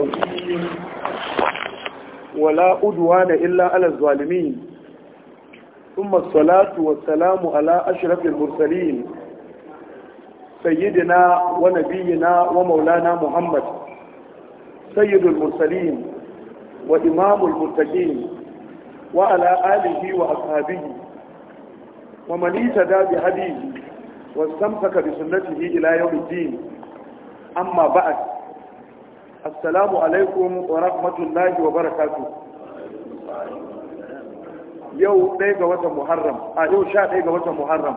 الرحيم ولا أدوان إلا على الظالمين ثم الصلاة والسلام على أشرف المرسلين سيدنا ونبينا ومولانا محمد سيد المرسلين وإمام المتقين وعلى آله وأصحابه ومن اهتدى بهديه واستمسك بسنته إلى يوم الدين أما بعد assalamu alaikum wa rahmatullahi wa barakatu yau ɗaya ga watan muharram a yau sha ɗaya ga watan muharram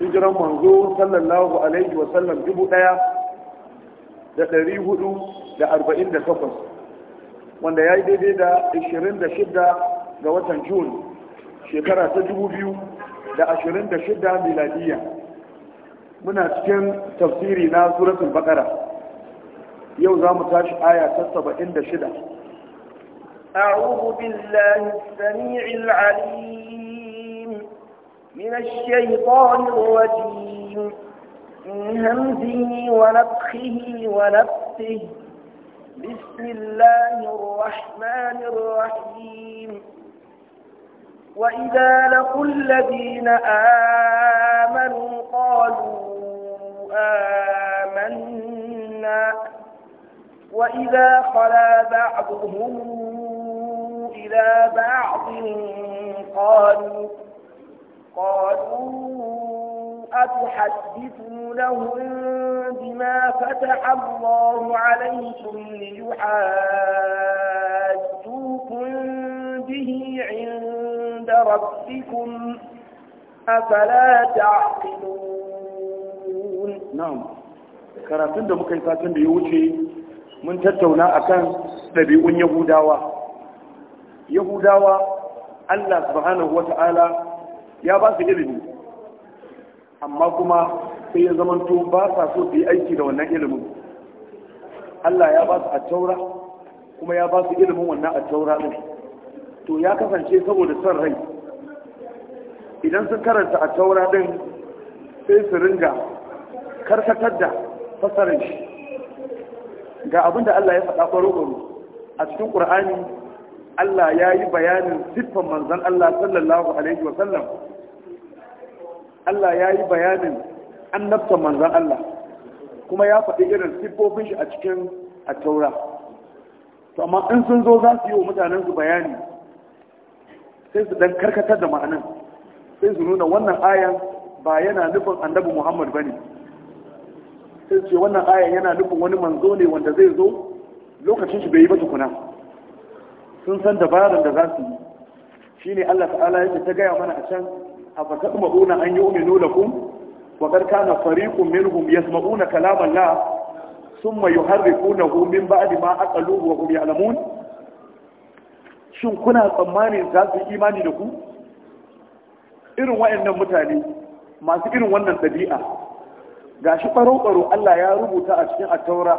hijiran manzo sallallahu alaihi wa sallam dubu ɗaya da ɗari hudu da arba'in da takwas wanda ya yi daidai da ashirin da shida ga watan jun shekara ta dubu biyu da ashirin da shida miladiyya muna cikin tafsiri na suratul baqara yau za mu tashi aya ta saba'in أعوذ بالله السميع العليم من الشيطان الرجيم من همزه ونفخه ونفسه بسم الله الرحمن الرحيم وإذا لقوا الذين آمنوا قالوا آمنا وإذا خلا بعضهم إلى بعض قالوا قالوا أتحدثونهم بما فتح الله عليكم ليحاجوكم به عند ربكم أفلا تعقلون نعم karatun da muka بيوتي mun tattauna a kan ɗabi'un yahudawa yahudawa allah subhanahu wata'ala ya ba su ilimi amma kuma sai ya zamanto ba sa so su yi aiki da wannan ilimin allah ya ba su a taura kuma ya ba su ilimin wannan a taura ɗin to ya kasance saboda son rai idan sun karanta a taura ɗin sai su ringa karkatar da fasarin shi ga abinda Allah ya faɗa ɓaro a cikin ƙur'ani Allah ya yi bayanin siffan manzan Allah sallallahu alaihi sallam Allah ya yi bayanin annabtan manzan Allah kuma ya faɗi irin siffofin shi a cikin a taura to amma in sun zo za su yi wa mutanen su bayani sai su dan karkatar da ma'anan sai su nuna wannan ayan ba yana nufin annabi Muhammad bane ne sai ce wannan ayan yana nufin wani manzo ne wanda zai zo lokacin shi bai yi ba tukuna sun san dabarar da za su yi shine Allah ta'ala yake ta gaya mana a can a fakat ma'una an yu'minu lakum wa qad na fariqun minhum yasma'una kalam Allah thumma yuharrifunahu min ba'di ma aqaluhu wa hum ya'lamun shin kuna tsammani za su yi imani da ku irin wa'annan mutane masu irin wannan dabi'a Ga shi ɓaro-ɓaro Allah ya rubuta a cikin attaura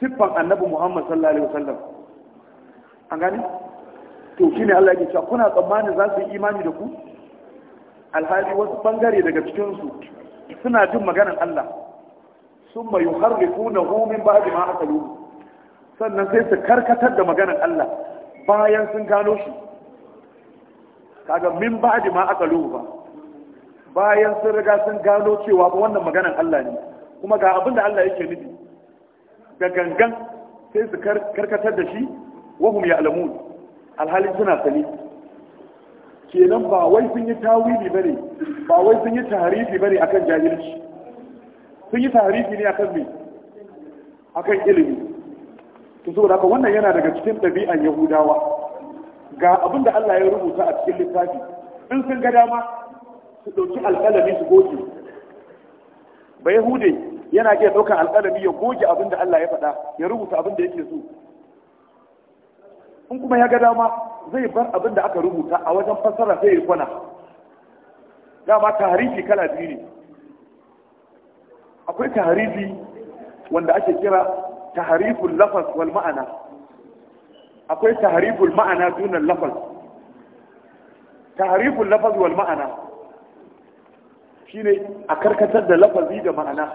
siffan annabi Muhammad sallallahu alaihi wasallam an gani to ne Allah ya cewa kuna tsammanin za su yi imani da ku alhali wasu bangare daga cikinsu suna jin maganan Allah Sun summa yuharrifunahu min ba'di ma aqalu sannan sai su karkatar da maganar Allah bayan sun gano shi kaga min ba ma aqalu ba bayan sun riga sun gano cewa ba wannan maganan Allah ne kuma ga abin da Allah yake nufi da gangan sai su karkatar da shi wahum ya alamu, alhali suna sani kenan ba wai sun yi tawili ba ne ba wai sun yi tarifi ba ne jahilci sun yi tarifi ne akan kan mai ilimi to saboda haka wannan yana daga cikin ɗabi'an yahudawa ga abin da Allah ya rubuta a cikin littafi in sun ga dama su ɗauki alƙalami su goge ba yahude yana iya ɗaukar alƙalami ya goge abin da Allah ya faɗa ya rubuta abin da yake so in kuma ya ga dama zai bar abin da aka rubuta a wajen fassara sai ya kwana dama tarihi kala biyu ne akwai tarihi wanda ake kira tahariful lafas wal ma'ana akwai tahariful ma'ana dunan lafas. tahariful lafas wal ma'ana shine a karkatar da lafazi da ma'ana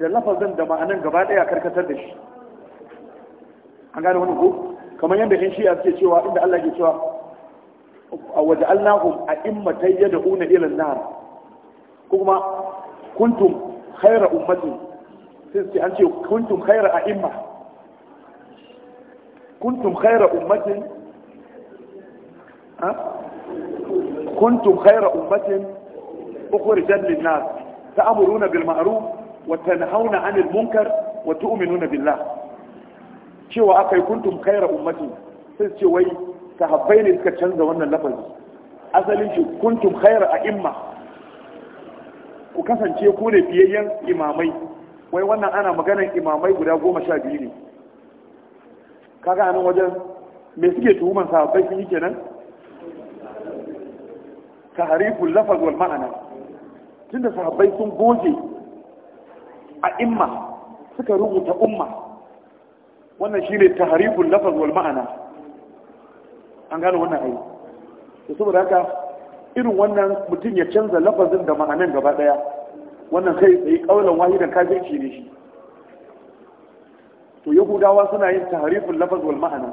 da lafazin da ma'anan gaba daya karkatar da shi an gane wani ko kamar yadda in shi'a suke cewa inda Allah ke cewa a waje Allahum a immatai ya da una ilin nahar ko kuma kuntum haira ummatin sai su ce an ce kuntum haira a imma kuntum haira ummatin kuntum khaira ummatin ukhrijat lin-nas ta'muruna bil ma'ruf wa tanhauna 'anil munkar wa tu'minuna billa? cewa akai kuntum khayra ummati sai ce wai sahabbai ne suka canza wannan lafazi asalin shi kuntum khayra a'imma ku kasance ku ne fiyayyen imamai wai wannan ana maganar imamai guda goma sha biyu ne kaga anan wajen me suke tuhuman sahabbai sun yi kenan tahriful lafaz wal ma'ana tunda sahabbai sun goge a imma suka rubuta umma wannan shi ne tahriful lafaz wal ma'ana an gano wannan ai to saboda haka irin wannan mutum ya canza lafazin da ma'anan gaba daya wannan kai tsaye kaulan wahidan kafirci ne shi to yahudawa suna yin tahriful lafaz wal ma'ana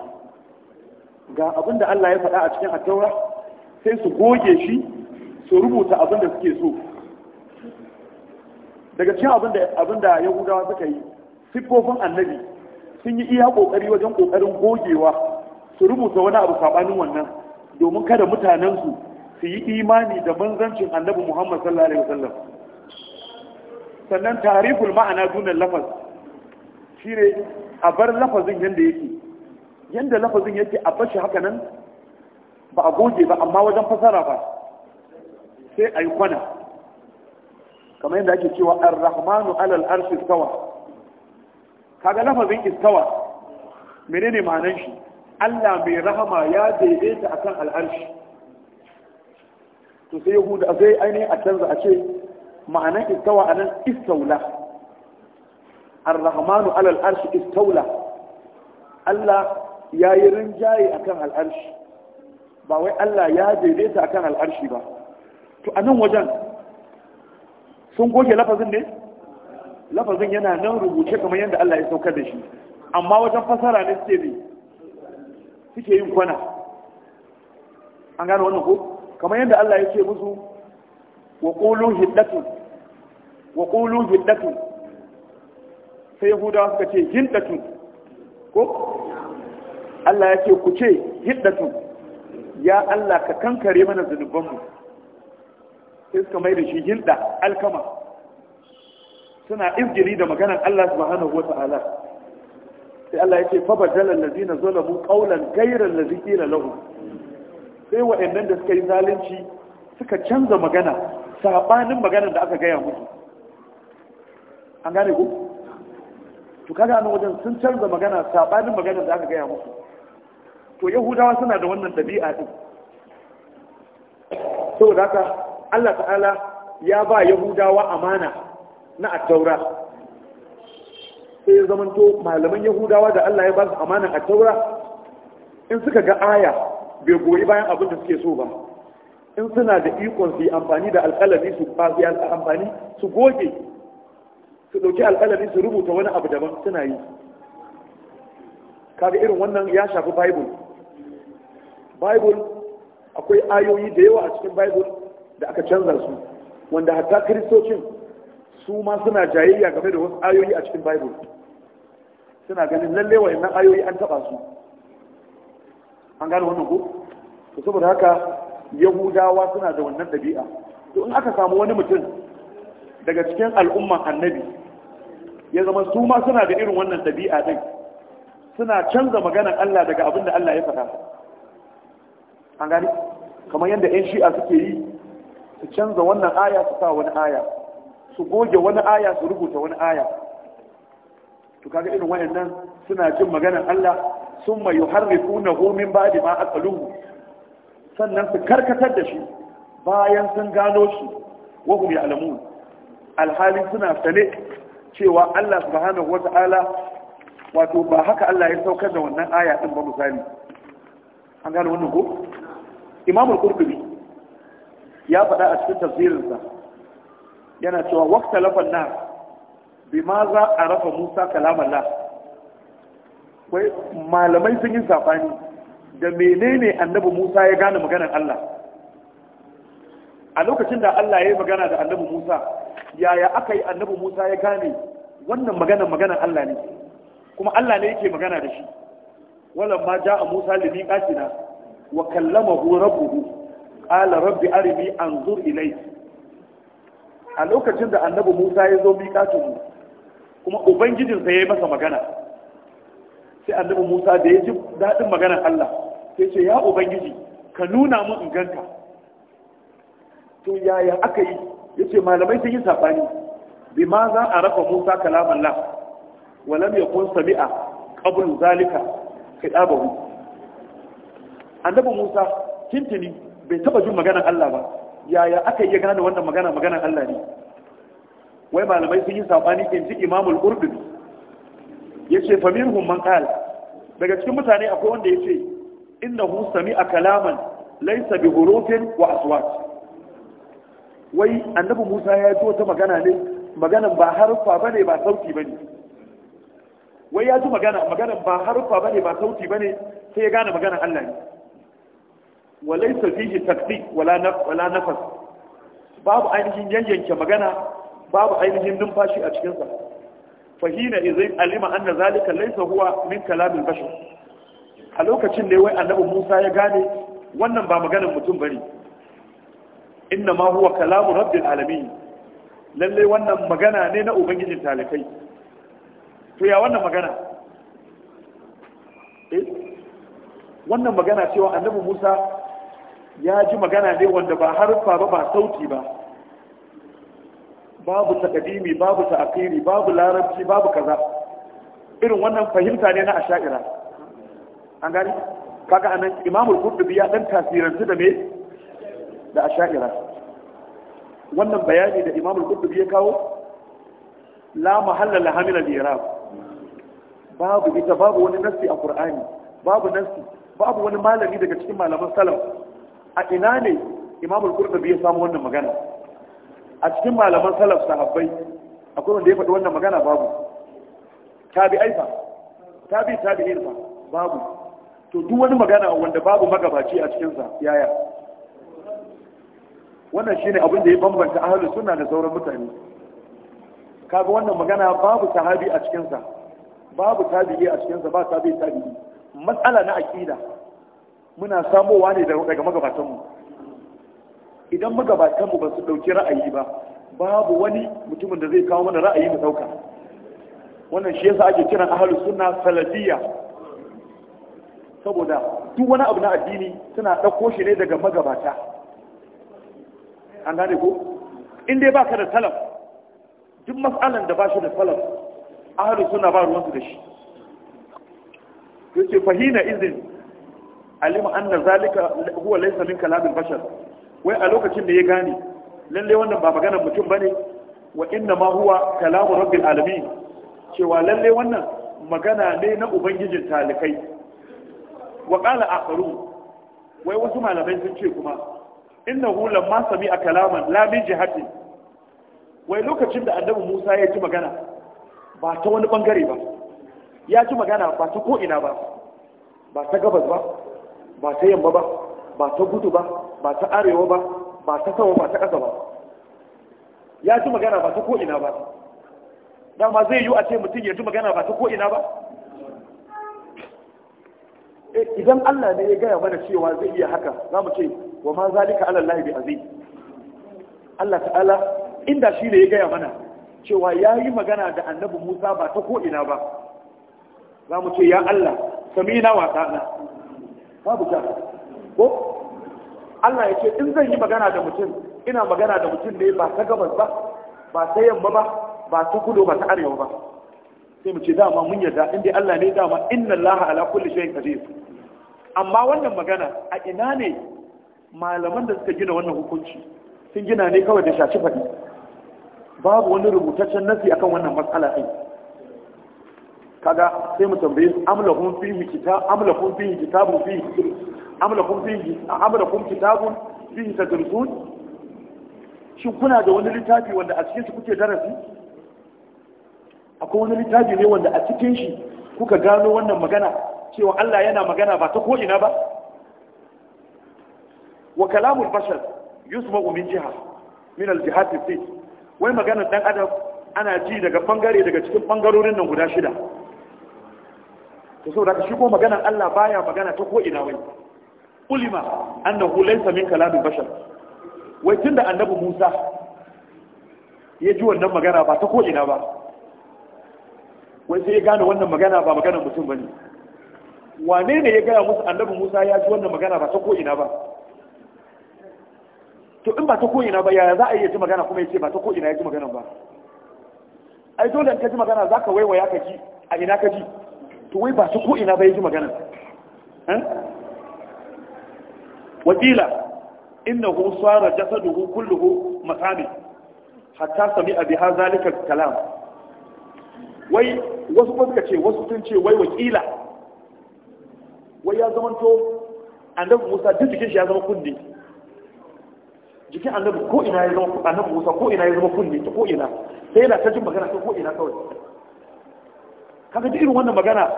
ga abinda Allah ya faɗa a cikin at sai su goge shi su rubuta abinda suke so daga cikin abin da yahudawa suka yi siffofin annabi sun yi iya kokari wajen kokarin gogewa su rubuta wani abu sabanin wannan domin kada mutanensu su yi imani da manzancin annabi muhammad sallallahu alaihi wasallam sannan tariful ma'ana dunan lafaz shine a bar lafazin yanda yake yanda lafazin yake a bashi haka nan ba a goge ba amma wajen fasara ba sai a yi kwana kamar yadda ake cewa ar-rahmanu alal arshi istawa kaga lafazin istawa menene ma'anar shi Allah mai rahama ya daidaita akan al'arshi to sai yahuda sai aini a canza a ce ma'anar istawa anan istaula ar-rahmanu alal arshi istaula Allah ya yi rinjaye akan al'arshi ba wai Allah ya daidaita akan al'arshi ba to a nan wajen sun goge lafazin ne lafazin yana nan rubuce kamar yadda Allah ya saukar da shi amma wajen fasara ne suke ne suke yin kwana an gano wannan ko kamar yadda Allah ya ce musu wa qulu hiddatu wa qulu hiddatu sai yahudawa suka ce hiddatu ko Allah ya ce ku ce hiddatu ya Allah ka kankare mana zunubanmu sai suka mai da shi hilda alkama suna izgiri da maganan Allah subhanahu wata'ala sai Allah yake ce fa badala allazina zalamu qawlan ghayra allazi qila lahu sai waɗannan da suka yi zalunci suka canza magana sabanin maganar da aka gaya musu an gane ku to kaga an wajen sun canza magana sabanin maganar da aka gaya musu to yahudawa suna da wannan dabi'a din saboda haka Allah ta'ala ya ba yahudawa amana na attaura sai ya zamanto malaman yahudawa da Allah ya ba su amana taura in suka ga aya bai goyi bayan abin da suke so ba in suna da ikon su yi amfani da alƙalami su fafi amfani su goge su ɗauki alƙalami su rubuta wani abu daban suna yi kaga irin wannan ya shafi bible bible akwai ayoyi da yawa a cikin bible da aka canza su wanda hatta kristocin su ma suna jayayya game da wasu ayoyi a cikin bible suna ganin lalle wayannan ayoyi an taba su an gane wannan ko to saboda haka yahudawa suna da wannan dabi'a to in aka samu wani mutum daga cikin al'umman annabi ya zama su ma suna da irin wannan dabi'a din suna canza maganar Allah daga abin da Allah ya faɗa an gane kamar yadda 'yan shi'a suke yi su canza wannan aya su sa wani aya su goge wani aya su rubuta wani aya to kaga irin wayannan suna jin maganar Allah sun summa yuharrifunahu min ba'di ma aqaluhu sannan su karkatar da shi bayan sun gano shi wa hum ya'lamun alhali suna sane cewa Allah subhanahu wata'ala wato ba haka Allah ya saukar da wannan aya din ba misali an gano wannan ko imamul qurtubi ya faɗa a cikin tafsirinsa yana cewa wakta lafan na bi ma za a rafa musa kalamalla wai malamai sun yi safani da menene annabi musa ya gane maganar allah a lokacin da allah ya yi magana da annabi musa yaya aka yi annabi musa ya gane wannan maganar maganar allah ne kuma allah ne yake magana da shi ma ja a musa limi ƙasina wa kallama hu rabbuhu qala rabbi arini anzur ilai. a lokacin da annabi Musa ya zo miƙatun kuma ubangijinsa ya yi masa magana sai annabi Musa da ya ji daɗin maganar Allah sai ce ya ubangiji ka nuna mun in ganka to yaya aka yi ya ce malamai sun yi saɓani bi ma za a rafa Musa kalaman la walam ya kun sami'a qabl zalika kitabahu annabi Musa tintini bai taba jin magana Allah ba yaya aka iya gane wannan magana maganar Allah ne wai malamai sun yi sabani in ji imamul qurdubi yace fa minhum man qala daga cikin mutane akwai wanda yace innahu sami'a kalaman laysa bi hurufin wa aswat wai annabi Musa ya ji wata magana ne maganan ba harfa bane ba sauti bane wai ya ji magana maganan ba harfa bane ba sauti bane sai ya gane maganar Allah ne walai safihi takdi wala nafas babu ainihin yanyanke magana babu ainihin numfashi a cikinsa fahina izin alima anna zalika laysa huwa min kalamin bashar a lokacin ne wai annabi Musa ya gane wannan ba maganar mutum bane inna ma huwa kalamu rabbil alamin lalle wannan magana ne na ubangijin talakai to ya wannan magana eh? wannan magana cewa annabi Musa ya ji magana ne wanda ba harfa ba ba sauti ba babu takadimi babu ta'akiri babu larabci babu kaza irin wannan fahimta ne na asha'ira an gani kaga anan imamul qurtubi ya dan tasirantu da me da asha'ira wannan bayani da imamul qurtubi ya kawo la mahalla la hamila al-i'rab babu ita babu wani nassi a qur'ani babu nassi babu wani malami daga cikin malaman salaf a ina ne imamul qurtubi ya samu wannan magana a cikin malaman salaf sahabbai akwai wanda ya faɗi wannan magana babu Tabi aifa, tabi tabi fa babu to duk wani magana wanda babu magabaci a cikin sa yaya wannan shine abin da ya bambanta ahlus sunna da sauran mutane kaga wannan magana babu sahabi a cikin sa babu tabi'i a cikin sa ba tabi'i tabi'i matsala na aqida muna samowa ne daga magabatanmu idan magabatanmu ba su ɗauki ra'ayi ba babu wani mutumin da zai kawo mana ra'ayi mu dauka wannan shi yasa ake kiran ahlus sunna salafiyya saboda duk wani abu na addini suna dauko shi ne daga magabata an gane ko in dai baka da salaf duk mas'alan da ba shi da salaf ahlus sunna ba ruwansu da shi yace fahina izin alima anna zalika huwa laysa min kalamil bashar wai a lokacin da ya gane lalle wannan ba maganar mutum bane wa inna ma huwa kalamu rabbil alamin cewa lalle wannan magana ne na ubangijin talikai wa qala akharu wai wasu malamai sun ce kuma innahu lamma sami'a kalaman la min jihati wai lokacin da annabi Musa ya ci magana ba ta wani bangare ba ya ci magana ba ta ko ina ba ba ta gabas ba ba ta yamma ba ba ta gudu ba ba ta arewa ba ba ta sama ba ta ƙasa ba ya ji magana ba ta ko'ina ba dama zai yi a ce mutum ya ji magana ba ta ko'ina ba eh, idan Allah ne ya gaya mana cewa zai iya haka za mu ce wa ma zalika ala lahi bi azim Allah ta'ala inda shi ne ya gaya mana cewa ya yi magana da annabi Musa ba ta ko'ina ba za mu ce ya Allah sami na wasa na babu kyau ko Allah ya ce in zan yi magana da mutum ina magana da mutum ne ba ta gabas ba ba ta yamma ba ba ta kudu ba ta arewa ba sai mu ce dama mun yarda inda Allah ne dama inna Allah ala kulli shay'in qadir amma wannan magana a ina ne malaman da suka gina wannan hukunci sun gina ne kawai da shaci faɗi babu wani rubutaccen nasi akan wannan matsala ɗin kaga sai mu tambaye su amlahum fihi kitab amlahum fihi kitabun fihi amlahum fihi amlahum kitabun fihi tadrusun shi kuna da wani littafi wanda a cikin shi kuke darasi akwai wani littafi ne wanda a cikin shi kuka gano wannan magana cewa Allah yana magana ba ta ko ina ba wa kalamul bashar yusma'u min jiha min al-jihati fi wai maganar dan adam ana ji daga bangare daga cikin bangarorin nan guda shida to da shi ko maganar Allah baya magana ta ko ina wai ulima annahu laysa min kalamin bashar wai tunda annabi Musa ya ji wannan magana ba ta ko ina ba wai sai ya gane wannan magana ba maganar mutum bane wane ne ya gaya musu annabi Musa ya ji wannan magana ba ta ko ina ba to in ba ta ko ina ba yaya za a iya ji magana kuma ya ce ba ta ko ina ya ji magana ba ai dole in ka ji magana za ka waiwaya ka ji a ina ka ji to wai ba su ko ina bai ji magana eh? wakila innahu sara jasaduhu kulluhu masami hatta sami abi ha zalika kalam wai wasu kuma ce wasu sun ce wai wakila wai ya zamanto annabi Musa duk jikin shi ya zama kundi jikin annabi ko ina ya zama annabi Musa ko ina ya zama kundi ta ko ina sai yana ta jin magana ta ko ina kawai kaga duk irin wannan magana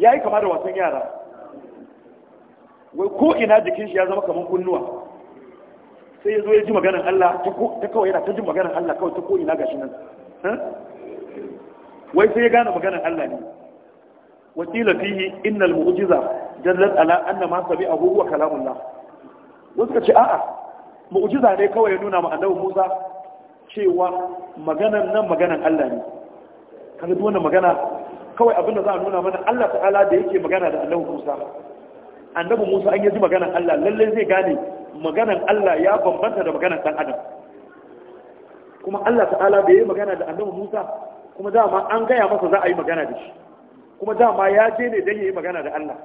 ya yi kama da wasan yara wai ko ina jikin shi ya zama kamar kunnuwa sai ya zo ya ji maganar Allah ta kawai yana ta jin maganar Allah kawai ta ko ina gashi nan wai sai ya gane maganar Allah ne wakila fihi innal mu'jiza dallat ala anna ma sabi'ahu Kalamun kalamullah wasu ka ce a'a mu'jiza ne kawai ya nuna ma annabi Musa cewa maganar nan maganar Allah ne kaga duk magana kawai abin da za a nuna mana Allah ta'ala da yake magana da Allah Musa Annabi Musa an yaji maganar Allah lalle zai gane maganar Allah ya bambanta da maganar dan adam kuma Allah ta'ala bai yi magana da Annabi Musa kuma dama an gaya masa za a yi magana da shi kuma dama ya je ne dan yayi magana da Allah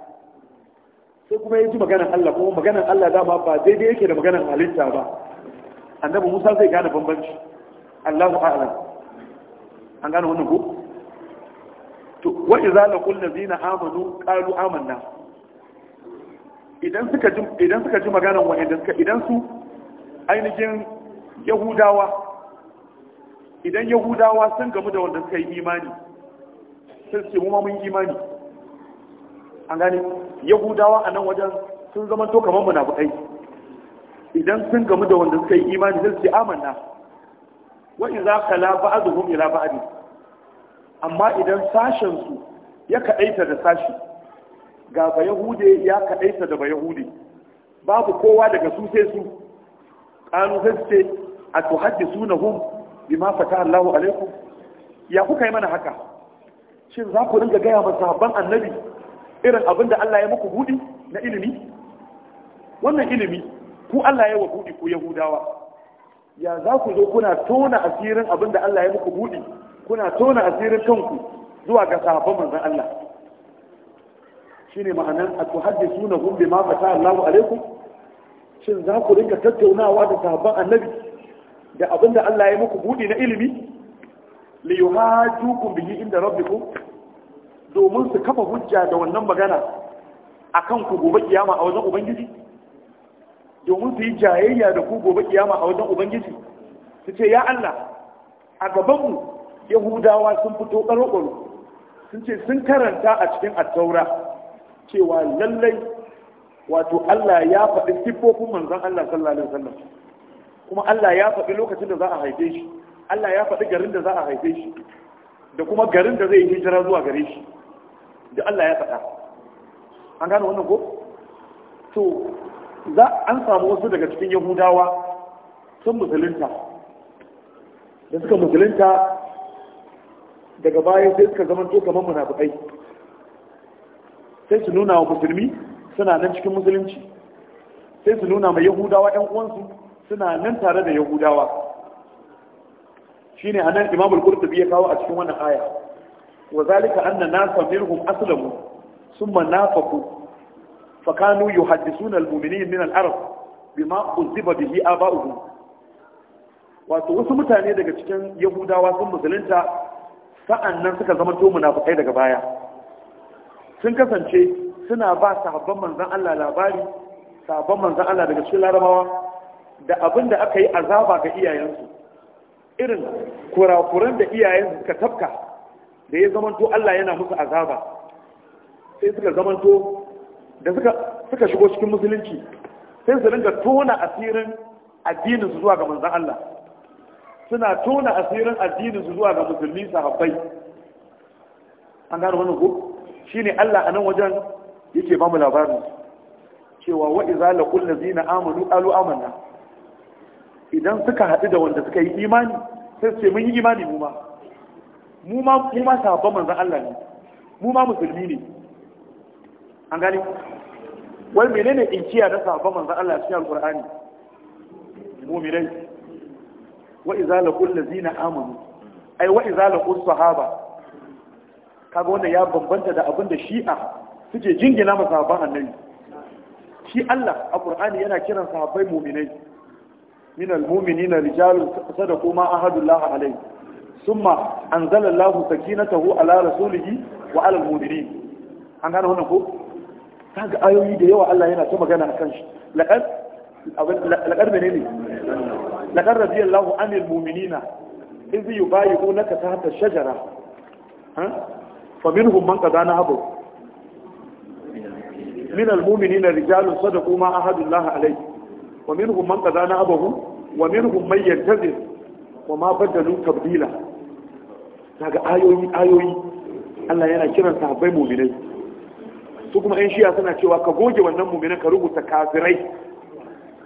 sai kuma ya ji maganar Allah kuma maganar Allah dama ba daidai yake da maganar halitta ba Annabi Musa zai gane bambanci Allahu a'lam an gane wannan ko to wa idza laqul ladina amanu qalu amanna idan suka ji idan suka ji suka idan su ainihin yahudawa idan yahudawa sun gamu da wanda suka yi imani sun ce mu ma mun imani an gane yahudawa a nan wajen sun zama to kamar munafukai idan sun gamu da wanda suka yi imani sun ce amanna wa ka kala ba'dhum ila ba'd amma idan sashen su ya kaɗaita da sashi ga bayahude ya kaɗaita da bayahude babu kowa daga su sai su ƙanu sai su ce a na hum bima fata Allahu alaikum ya kuka yi mana haka shin za ku ringa gaya masa sahabban annabi irin abin da Allah ya muku buɗi na ilimi wannan ilimi ku Allah ya wa hudi ku yahudawa ya za ku zo kuna tona asirin abin da Allah ya muku buɗi kuna tona asirin kanku zuwa ga sahabban manzon Allah shine ma'anan ma bima ta Allahu alaikum shin za ku rinka tattaunawa da sahabban annabi da abinda Allah ya muku budi na ilimi li yuhajukum bihi inda rabbikum domin su kafa hujja da wannan magana akan ku gobe kiyama a wajen ubangiji domin su yi jayayya da ku gobe kiyama a wajen ubangiji su ce ya Allah a gabanmu yahudawa sun fito ƙaro sun ce sun karanta a cikin attaura cewa lallai wato Allah ya faɗi siffofin manzon Allah sallallahu alaihi wasallam kuma Allah ya faɗi lokacin da za a haife shi Allah ya faɗi garin da za a haife shi da kuma garin da zai yi hijira zuwa gare shi da Allah ya faɗa an gane wannan ko to za an samu wasu daga cikin yahudawa sun musulunta da suka musulunta daga baya sai suka zama to kamar munafikai sai su nuna wa musulmi suna nan cikin musulunci sai su nuna ma yahudawa ɗan uwansu suna nan tare da yahudawa shine anan imam al-qurtubi ya kawo a cikin wannan aya wa zalika anna nasa minhum aslamu thumma nafaqu fa kanu yuhaddithuna al muminina min al-arab bima uziba bihi aba'uhum wato wasu mutane daga cikin yahudawa sun musulunta nan suka zama to munafikai daga baya sun kasance suna ba sabon manzan Allah labari sabon manzan Allah daga cikin larabawa da abin da aka yi azaba ga iyayensu irin kurakuran da iyayensu suka tafka da ya zamanto Allah yana musu azaba sai suka zamanto da suka shigo cikin musulunci sai su ringa tona asirin addininsu zuwa ga manzan Allah suna tona asirin addinin su zuwa ga musulmi sahabbai an gano wannan ko shine Allah a nan wajen yake ba mu labarin cewa wa la kullu zina amanu alu amanna idan suka haɗu da wanda suka yi imani sai su ce mun yi imani mu ma mu ma mu ma sahabban manzon Allah ne mu ma musulmi ne an gani wai menene inkiya da sahabban manzon Allah cikin alqur'ani mu'minai wa iza laqul ladzina amanu ai wa iza laqul sahaba kaga wanda ya bambanta da abin da shi'a suke jingina ma sahabban annabi shi Allah a Qur'ani yana kiran sahabbai mu'minai min al-mu'minin rijalun sadaqu ma ahadullah alayhi thumma anzala Allahu sakinatahu ala rasulihi wa ala al-mu'minin an gane wannan ko kaga ayoyi da yawa Allah yana ta magana akan shi laqad laqad menene لقد radiyallahu anil mu'minina idh yubayi'unaka tahta shajara ha fa minhum man qadana habu min al-mu'minina rijalun sadaqu ma ahadullah alayhi wa minhum man qadana habu wa minhum man yantazir wa ma badalu tabdila daga ayoyi Allah yana kiran sahabbai mu'minai su kuma ‘yan shi’a suna cewa ka goge wannan muminai ka rubuta kafirai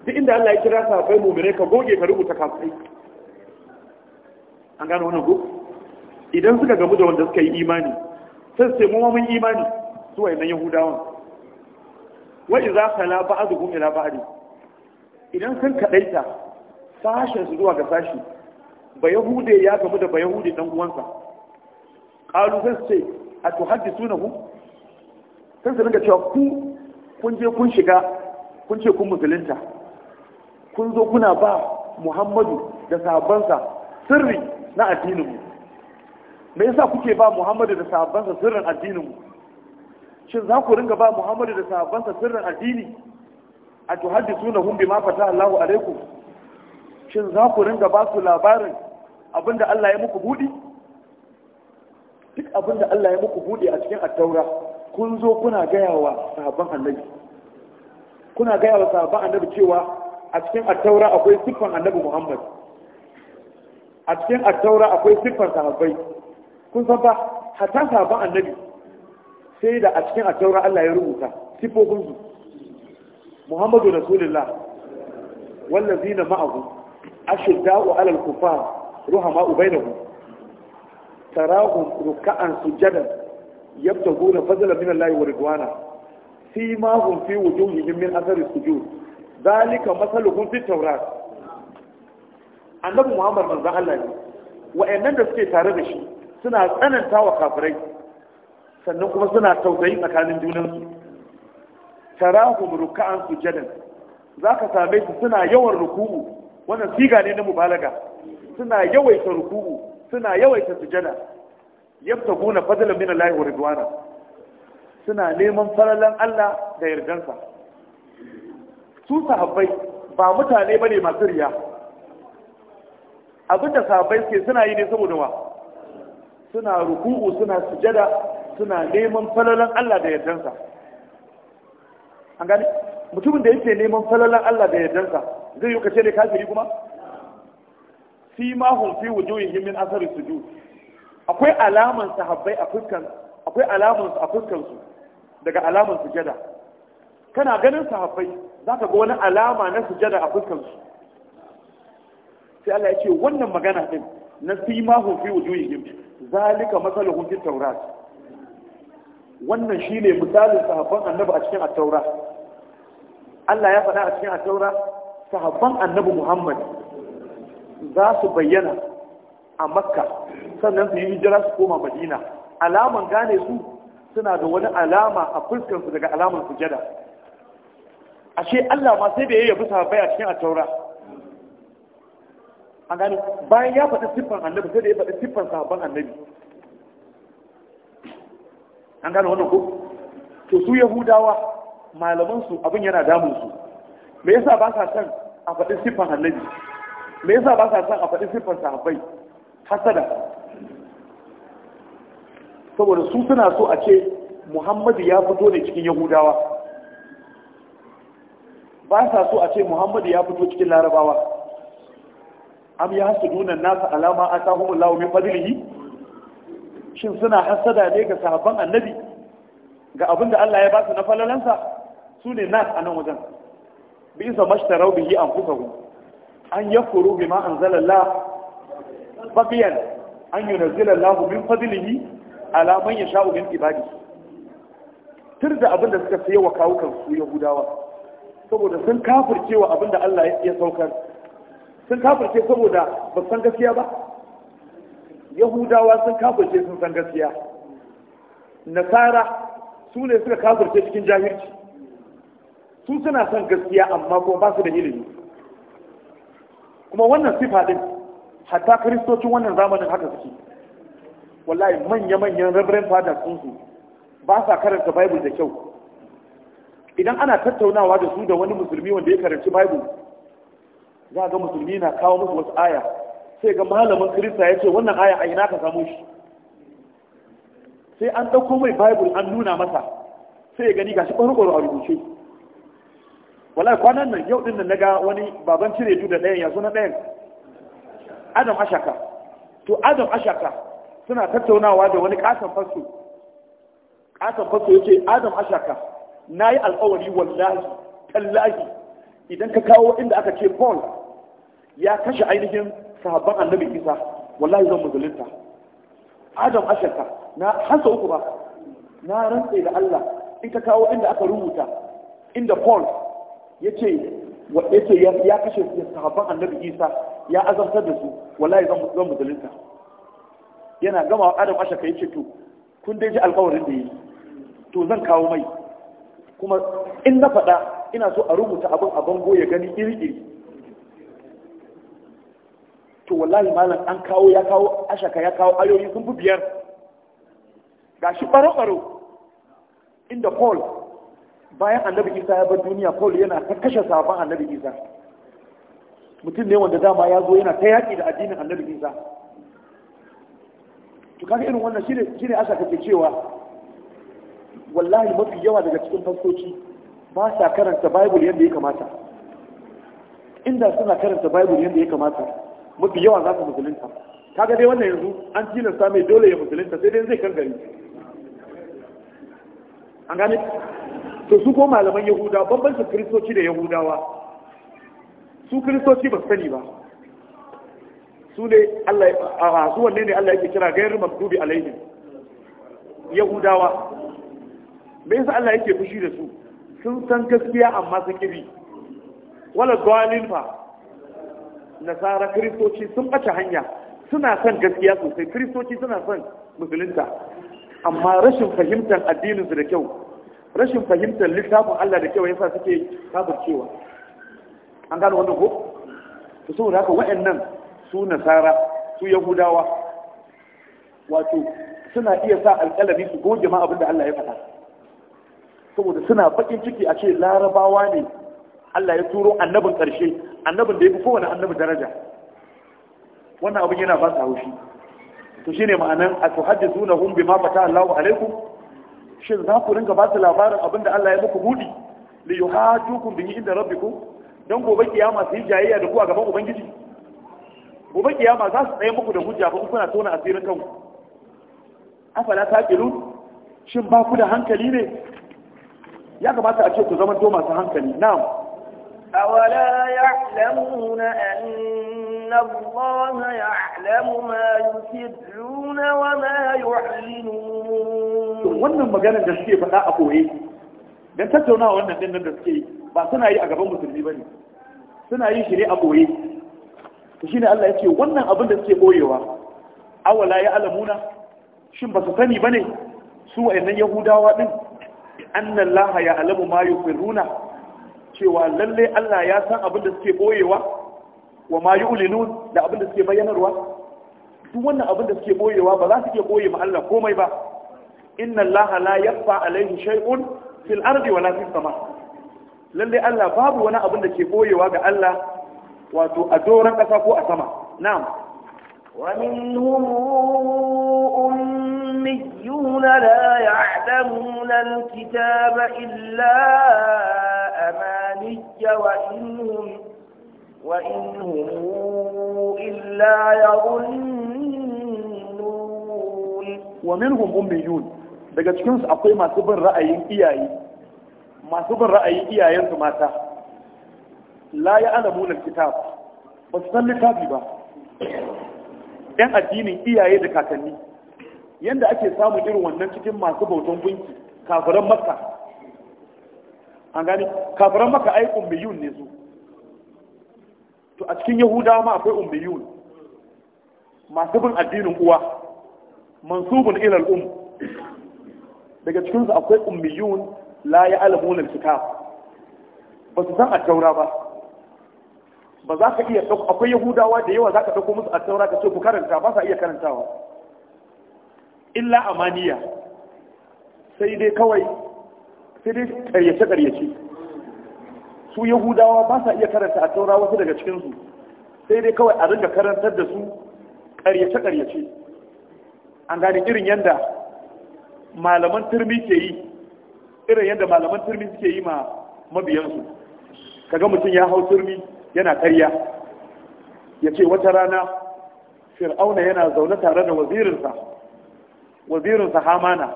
duk inda Allah ya kira sahabbai mumire ka goge ka rubuta kafirai an gano wannan ko idan suka gamu da wanda suka yi imani sai su mu mun imani su wayannan yahudawan wa idza khala ba'dhum ila ba'd idan sun kadaita sashen su zuwa ga sashi ba yahude ya gamu da ba yahude dan uwansa qalu sai ce a tuhaddisunahu sai su dinga cewa ku kun je kun shiga kun ce kun musulunta kun zo kuna ba muhammadu da sahabbansa sirri na addininmu me yasa kuke ba muhammadu da sahabbansa sirrin addininmu shin za ku ringa ba muhammadu da sahabbansa sirrin addini a tuhaddithunahum bima fata Allahu alaikum shin za ku ringa ba su labarin abinda Allah ya muku budi duk abinda Allah ya muku budi a cikin attaura kun zo kuna gaya wa sahabban annabi kuna gaya wa sahabban annabi cewa a cikin attaura akwai siffan annabi muhammad a cikin attaura akwai siffan sahabbai kun san ba hatta sahabban annabi sai da a cikin attaura Allah ya rubuta siffofinsu muhammadu rasulullah wallazina ma'ahu ashidda'u alal kufar ruhama'u bainahum tarahum ruk'an sujadan yabtaguna fadlan min Allah wa ridwana fi ma hum fi wujuhihim min asarin sujud zalika masaluhum fi tawrat annabi muhammad manzo Allah ne wa'annan da suke tare da shi suna tsananta wa kafirai sannan kuma suna tausayi tsakanin junansu tarahum ruk'an sujadan zaka same su suna yawan ruku'u wannan siga ne na mubalaga suna yawaita ruku'u suna yawaita sujada yabtaguna fadlan min allahi wa ridwana suna neman falalan Allah da yardansa su sahabbai ba mutane bane masu riya abinda sahabbai suke suna yi ne saboda wa suna ruku'u suna sujada suna neman falalan Allah da yardansa an gani mutumin da yake neman falalan Allah da yardansa zai yi kace ne kafiri kuma fi ma hum fi wujuhihim min asari sujud akwai alaman sahabbai a fuskan akwai alaman a fuskan su daga alaman sujada kana ganin sahabbai za ka ga wani alama na sujada a fuskansu sai Allah ya ce wannan magana din na simahum fi wujuhihim zalika masaluhum fi tawrat wannan shine misalin sahabban annabi a cikin at-taura Allah ya faɗa a cikin at-taura sahabban annabi Muhammad za su bayyana a Makka sannan su yi hijira su koma Madina alaman gane su suna da wani alama a fuskansu daga alaman sujada ashe Allah ma sai da ya yabi sahabbai a cikin attaura an gani bayan ya faɗi siffan annabi sai da ya faɗi siffan sahabban annabi an gani wannan ko to su yahudawa malaman su abin yana damun su me yasa ba sa san a faɗi siffan annabi me yasa ba sa san a faɗi siffan sahabbai hasada saboda su suna so a ce muhammadu ya fito ne cikin yahudawa ba sa so a ce muhammadu ya fito cikin larabawa am ya hasu dunan nasa alama a sahun allahu min fadlihi shin suna hasada ne ga sahabban annabi ga abin da allah ya ba su na falalansa su ne nas a nan wajen bi isa mashtarau bihi an ku. an yakuru bima anzalallah bagiyan an yi allah min fadlihi ala ya sha ubin ibadi da abin da suka sayi wa kawukan su yahudawa saboda sun kafirce wa abinda Allah ya saukar sun kafirce saboda ba san gaskiya ba yahudawa sun kafirce sun san gaskiya nasara su ne suka kafirce cikin jahilci su suna son gaskiya amma kuma ba su da ilimi kuma wannan sifa din hatta kristocin wannan zamanin haka suke wallahi manya-manyan reverend fathers sun su ba sa karanta bible da kyau idan ana tattaunawa da su da wani musulmi wanda ya karanci bible za ga musulmi na kawo musu wasu aya sai ga malamin kirista ya ce wannan aya a ina ka samu shi sai an ɗauko mai bible an nuna masa sai ya gani gashi ɓaro-ɓaro a rubuce wala kwanan nan yau ɗin nan na ga wani baban cire da ɗayan ya suna ɗayan adam ashaka to adam ashaka suna tattaunawa da wani ƙaton fasto ƙaton fasto ya ce adam ashaka na yi alkawari wallahi tallahi idan ka kawo inda aka ce paul ya kashe ainihin sahabban annabi isa wallahi zan musulunta adam ashirka na hasa uku ba na rantse da allah in ka kawo inda aka rubuta inda paul ya ce ya kashe sahabban annabi isa ya azamtar da su wallahi zan musulunta yana gama adam ashirka ya ce to kun dai ji alkawarin da yi to zan kawo mai kuma in na faɗa ina so a rubuta abin a bango ya gani iri-iri to wallahi malam an kawo ya kawo ashaka ya kawo ayoyi sun fi biyar ga shi ɓaro-ɓaro inda paul bayan annabi isa ya bar duniya paul yana ta kashe sabon annabi isa mutum ne wanda dama ya zo yana ta yaƙi da addinin annabi isa to kaga irin wannan shine shine asa kake cewa wallahi mafi yawa daga cikin fastoci ba sa karanta bible yadda ya kamata inda suna karanta bible yadda ya kamata mafi yawa za su musulunta ga dai wannan yanzu an tilasta mai dole ya musulunta sai dai zai kan gari an gane to su ko malaman yahuda bambancin kiristoci da yahudawa su kiristoci ba sani ba su ne Allah su wanne ne Allah yake kira gairar mabdubi alaihim yahudawa me yasa Allah yake fushi da su sun san gaskiya amma sun kibi wala dalil fa nasara kristoci sun bace hanya suna son gaskiya sosai kristoci suna son musulunta amma rashin fahimtar addinin su da kyau rashin fahimtar littafin Allah da kyau yasa suke kafircewa an gano wannan ko to saboda haka waɗannan su nasara su yahudawa wato suna iya sa alƙalami su goge ma abin da Allah ya faɗa saboda suna bakin ciki a ce larabawa ne Allah ya turo annabin ƙarshe annabin da ya fi kowane annabin daraja wannan abin yana ba su haushi to shine ma'anan a su hajji suna hun bi ma fata Allahu alaiku shin za ku ringa ba su labarin abin da Allah ya muku buɗi li yuhajukum yi inda ku. Don gobe kiyama su yi jayayya da ku a gaban ubangiji gobe kiyama za su tsaye muku da hujja ba kuna tona asirin kanku afala taqilun shin ba ku da hankali ne ya kamata a ce ku zama masu hankali na'am awala na anna ya ya'lamu ma yusirruna wa ma yu'linun wannan maganar da suke faɗa a koye don tattaunawa wannan din da suke ba suna yi a gaban musulmi ba ne. suna yi shi ne a koye ne Allah ce wannan abin da suke koyewa awala alamuna? shin ba su sani ba ne? su wayannan yahudawa din Annan laha ya alamu ma yufiruna cewa lalle Allah ya san abin da suke boyewa wa ma yu'linun da abin da suke bayyanarwa duk wannan abin da suke boyewa ba za su ke boye ma Allah komai ba Innan laha la yakhfa alayhi shay'un fil ardi wala fis sama lalle Allah babu wani abin da ke boyewa ga Allah wato a doron kasa ko a sama na'am wa minhum أميون لا يعلمون الكتاب إلا أماني وإنهم وإنهم إلا يظنون ومنهم أميون daga cikinsu akwai masu bin ra'ayin iyaye masu bin ra'ayin iyayensu mata la ya alamu da kitab ba su san littafi ba ‘yan addinin iyaye da kakanni yanda ake samu irin wannan cikin masu bautan gunki kafiran makka an gani kafiran makka ai ummiyun ne su to a cikin yahudawa ma akwai ummiyun masu bin addinin uwa mansubun ilal um daga cikin su akwai ummiyun la ya'lamun al-kitab ba su san at-taura ba ba za ka iya akwai yahudawa da yawa za ka ɗauko musu at-taura ka ce ku karanta ba sa iya karantawa illa amaniya sai dai kawai sai dai karyace karyace su yahudawa ba sa iya karanta a taura wasu daga cikinsu sai dai kawai a ringa karantar da su karyace karyace an gani irin yadda malaman turmi ke yi irin yadda malaman turmi suke yi ma mabiyansu kaga mutum ya hau turmi yana karya ya ce wata rana fir'auna yana zaune tare da wazirinsa wazirinsa hamana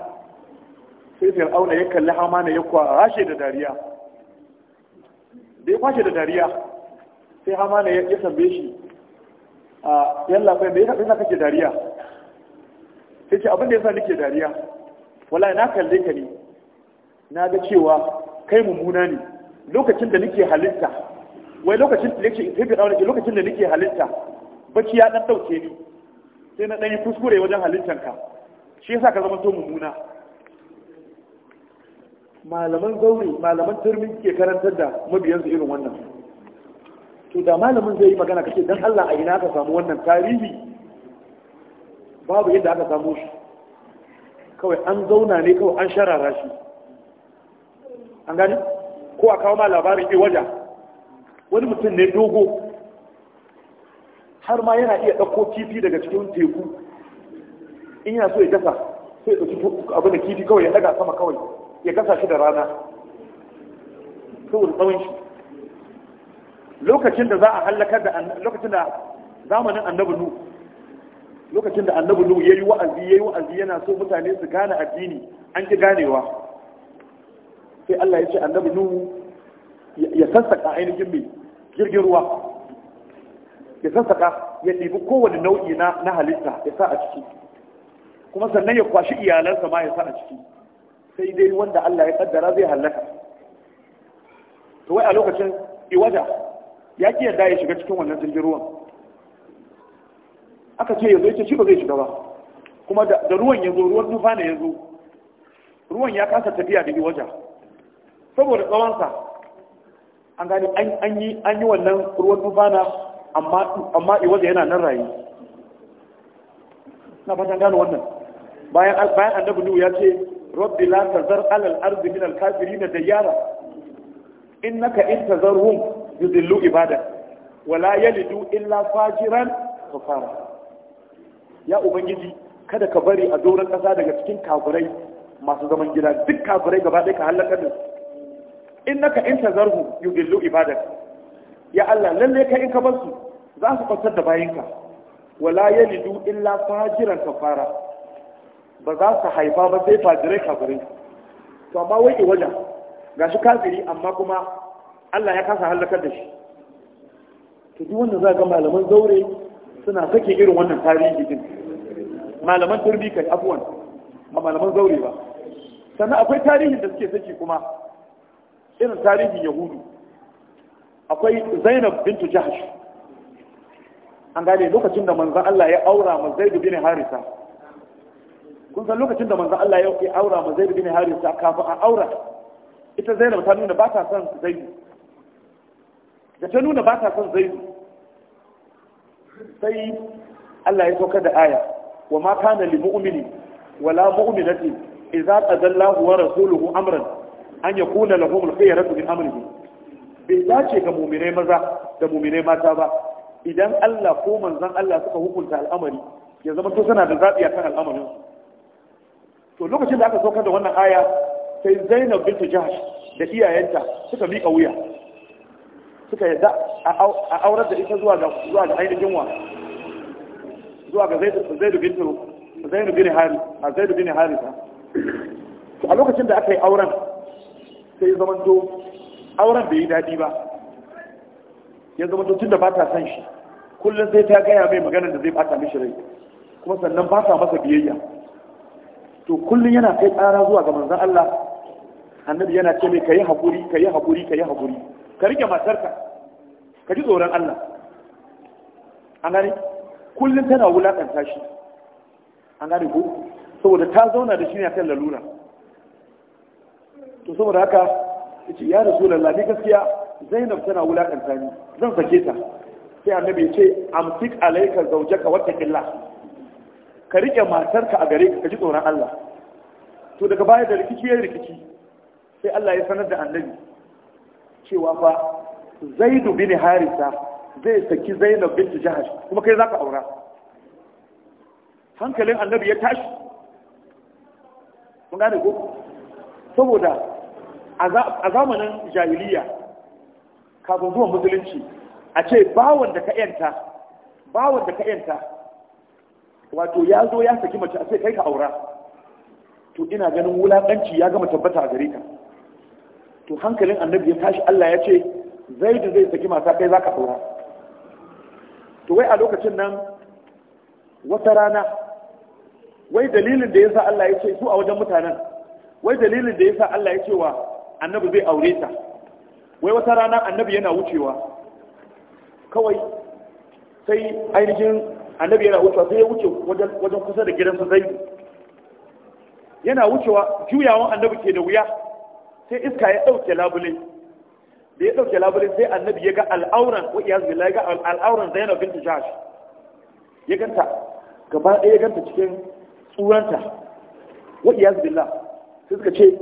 sai fir'auna ya kalli hamana ya kwashe da dariya da ya kwashe da dariya sai hamana ya tambaye shi a yalla kai me yasa kake dariya sai ce abinda ya yasa nike dariya Wala na kalle ka ne na ga cewa kai mummuna ne lokacin da nike halitta wai lokacin da nike sai fir'auna ke lokacin da nike halitta baki ya ɗan ɗauke ni sai na ɗan yi kuskure wajen halittanka shi yasa ka zama to mummuna malaman zaure malaman turmi ke karantar da mabiyansu irin wannan to da malamin zai yi magana kace dan Allah a ina ka samu wannan tarihi babu yadda aka samu shi kawai an zauna ne kawai an sharara shi an gani ko a kawo ma labarin ke waja wani mutum ne dogo har ma yana iya ɗauko kifi daga cikin teku in yana so ya gasa sai ya ɗauki abu da kifi kawai ya daga sama kawai ya gasa shi da rana saboda tsawon shi lokacin da za a hallakar da lokacin da zamanin annabi nu lokacin da annabi nu yayi wa'azi yayi wa'azi yana so mutane su gane addini an ki ganewa sai Allah ya ce annabi nu ya sassaka ainihin mai jirgin ruwa ya sassaka ya ɗibi kowane nau'i na halitta ya sa a ciki kuma sannan ya kwashi iyalansa ma ya sa a ciki sai dai wanda Allah ya kaddara zai halaka to wai a lokacin iwada ya ki yadda ya shiga cikin wannan jirgin ruwan aka ce yanzu ita shi ba zai shiga ba kuma da ruwan yanzu ruwan tufa ne yanzu ruwan ya kasa tafiya da iwada saboda tsawonsa an gani an yi wannan ruwan na amma iwada yana nan rayu na fatan gano wannan bayan bayan annabi nuhu ya ce rabbi la tazar alal ardi min al kafirin dayara innaka in tazarhum yudillu ibada wala yalidu illa fajiran kafara ya ubangiji kada ka bari a doron kasa daga cikin kafirai masu zaman gida duk kafirai gaba ɗaya ka halaka da innaka in tazarhu yudillu ibadak ya Allah lalle ka in ka bar su za su kwantar da bayinka wala yalidu illa fajiran kafara ba za su haifa ba zai fajirai kafirai to amma wai wajen ga shi kafiri amma kuma Allah ya kasa hallakar da shi to duk wanda za ga malaman zaure suna sake irin wannan tarihi din malaman turbi kai abuwan ba malaman zaure ba sannan akwai tarihin da suke saki kuma irin tarihin yahudu akwai zainab bintu jahash an gane lokacin da manzon Allah ya aura ma bin harisa kun san lokacin da manzo Allah ya yi aura ma Zaid bin Harisa kafin a aura ita Zainab ta nuna ba ta son Zaid da ta nuna ba ta son Zaid sai Allah ya saukar da aya wa ma kana lil mu'mini wala mu'minati idza qadallahu wa rasuluhu amran an yakuna lahum al-khiyaratu min amrihi bai dace ga mu'minai maza da mu'minai mata ba idan Allah ko manzon Allah suka hukunta al'amari ya zama to suna da zabi akan al'amarin su to lokacin da aka saukar da wannan aya sai zainab bintu jahash da iyayenta suka miƙa wuya suka yadda a aurar da ita zuwa ga ainihin wa zuwa ga zaidu bintu zaidu bin hari a zaidu bin ta a lokacin da aka yi auren sai zamanto auren bai yi daɗi ba ya zama tun da ba ta san shi kullum sai ta gaya mai maganar da zai bata mishi rai kuma sannan ba ta masa biyayya to kullum yana kai tsara zuwa ga manzon Allah annabi yana ce mai kayi hakuri kayi hakuri kayi hakuri ka rike matarka ka ji tsoron Allah an gane kullum tana wulakanta shi an gane ko saboda ta zauna da shi ne kan lalura to saboda haka yace ya rasulullah ni gaskiya Zainab tana wulakanta ni zan sake ta sai annabi ya ce amsik alayka zawjaka killa. ka riƙe matarka a gare ka ka ji tsoron Allah to daga baya da rikici ya rikici sai Allah ya sanar da annabi cewa fa zaidu bin harisa zai saki zainab bint jahash kuma kai zaka aura hankalin annabi ya tashi kun gane ko saboda a zamanin jahiliya kafin zuwa musulunci a ce bawon da ka yanta bawon da ka yanta wato ya zo ya saki mace a sai kai ka aura to ina ganin wulaƙanci ya gama tabbata a gare ka to hankalin annabi ya tashi Allah ya ce zai da zai saki mata kai za ka aura to wai a lokacin nan wata rana wai dalilin da ya sa Allah ya ce su a wajen mutanen wai dalilin da ya sa Allah ya ce wa annabi zai aure ta wai wata rana annabi yana wucewa kawai sai ainihin annabi yana wucewa sai ya wuce wajen kusa da gidan sa zai yana wucewa juyawan annabi ke da wuya sai iska ya ɗauke labule da ya ɗauke labule sai annabi ya ga al'auran wa iyaz billahi ga al'auran zainab bint jahsh ya ganta gaba ɗaya ya ganta cikin tsuranta wa iyaz billahi sai suka ce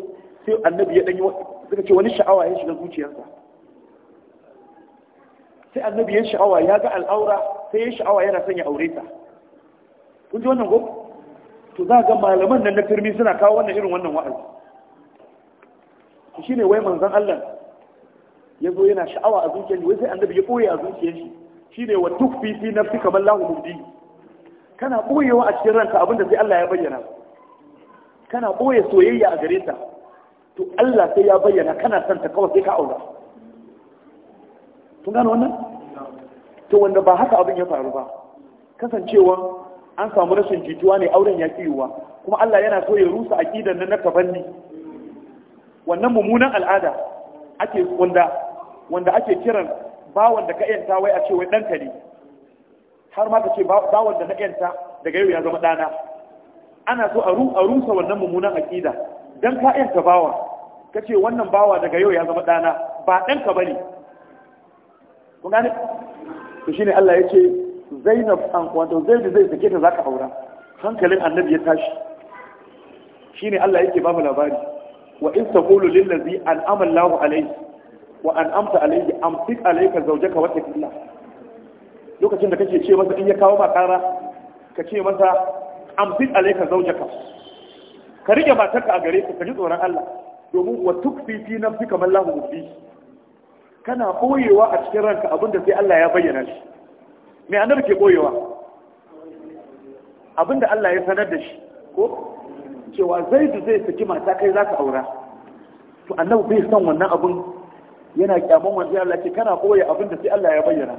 sai annabi ya danyi suka ce wani sha'awa ya shiga zuciyarsa sai annabi ya sha'awa ya ga al'aura sai ya sha'awa yana son ya aure ta kun ji wannan ko to za ga malaman nan na firmi suna kawo wannan irin wannan wa'azi shi ne wai manzon Allah ya zo yana sha'awa a zuciyar shi wai sai annabi ya koya a zuciyar shi ne wa na fi nafsi kamar lahu mudi kana boyewa a cikin ranka abinda sai Allah ya bayyana kana boye soyayya a gare ta to Allah sai ya bayyana kana son ta kawai sai ka aura kun gano wannan to wanda ba haka abin ya faru ba kasancewa an samu rashin jituwa ne auren ya kiyuwa kuma Allah yana so ya rusa aqidan nan na tabanni wannan mummunan al'ada ake wanda wanda ake kiran bawon da ka yanta wai a ce wai danka ne har ma ka ce bawon da na yanta daga yau ya zama dana ana so a rusa wannan mummunan aqida dan ka yanta bawa ka ce wannan bawa daga yau ya zama dana ba danka bane kun gane to shine Allah ya ce Zainab an wato Zaid zai sake ta zaka aura hankalin annabi ya tashi shine Allah yake ba mu labari wa in taqulu lil ladzi an'ama Allahu alayhi wa an'amta alayhi amsik alayka zawjaka wa taqilla lokacin da kake ce masa in ya kawo makara ka ce masa amsik alayka zawjaka ka rike matarka a gare ka ka ji tsoron Allah domin wa tukfi fi nafsika kamar lahu mubin kana boyewa a cikin ranka abinda sai Allah ya bayyana shi me annabi ke boyewa abinda Allah ya sanar da shi ko cewa zaidu zai saki mata kai za ka aura to annabi bai san wannan abin yana kyaman wanda Allah ce kana boye abinda sai Allah ya bayyana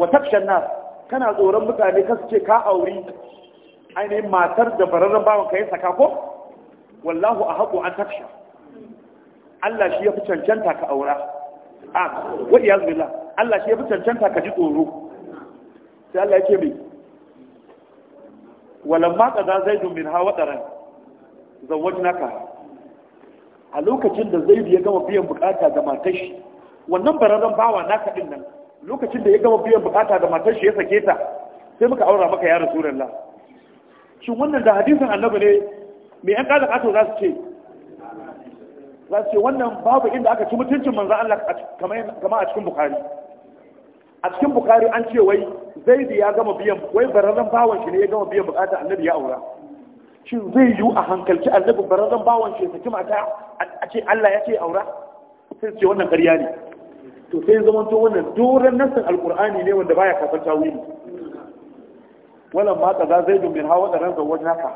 wa takshan nas kana tsoron mutane kasu ce ka auri ainihin matar da bararren bawan ka ya saka ko wallahu a haƙo an taksha Allah shi ya fi cancanta ka aura a wa iyaz billah Allah shi ya fi cancanta ka ji tsoro sai Allah ya ce mai walamma kaza zai min hawa daran zawwajnaka a lokacin da zaidu ya gama biyan bukata ga matar shi wannan bararren bawa naka din nan lokacin da ya gama biyan bukata ga matar shi ya sake ta sai muka aura maka ya rasulullah shin wannan da hadisin annabi ne me an kada kato za su ce za su ce wannan babu inda aka ci mutuncin manzan Allah kama a cikin Bukhari. a cikin Bukhari an ce wai zaidi ya gama biyan wai bararren bawon shi ne ya gama biyan bukata annabi ya aura shin zai yiwu a hankalci annabi bararren bawan shi saki mata a ce Allah ya ce aura sai su ce wannan karya ne to sai zama to wannan doron nassin alkur'ani ne wanda baya kafar tawili wannan ma kaza zai bin hawa da ranzar wajen haka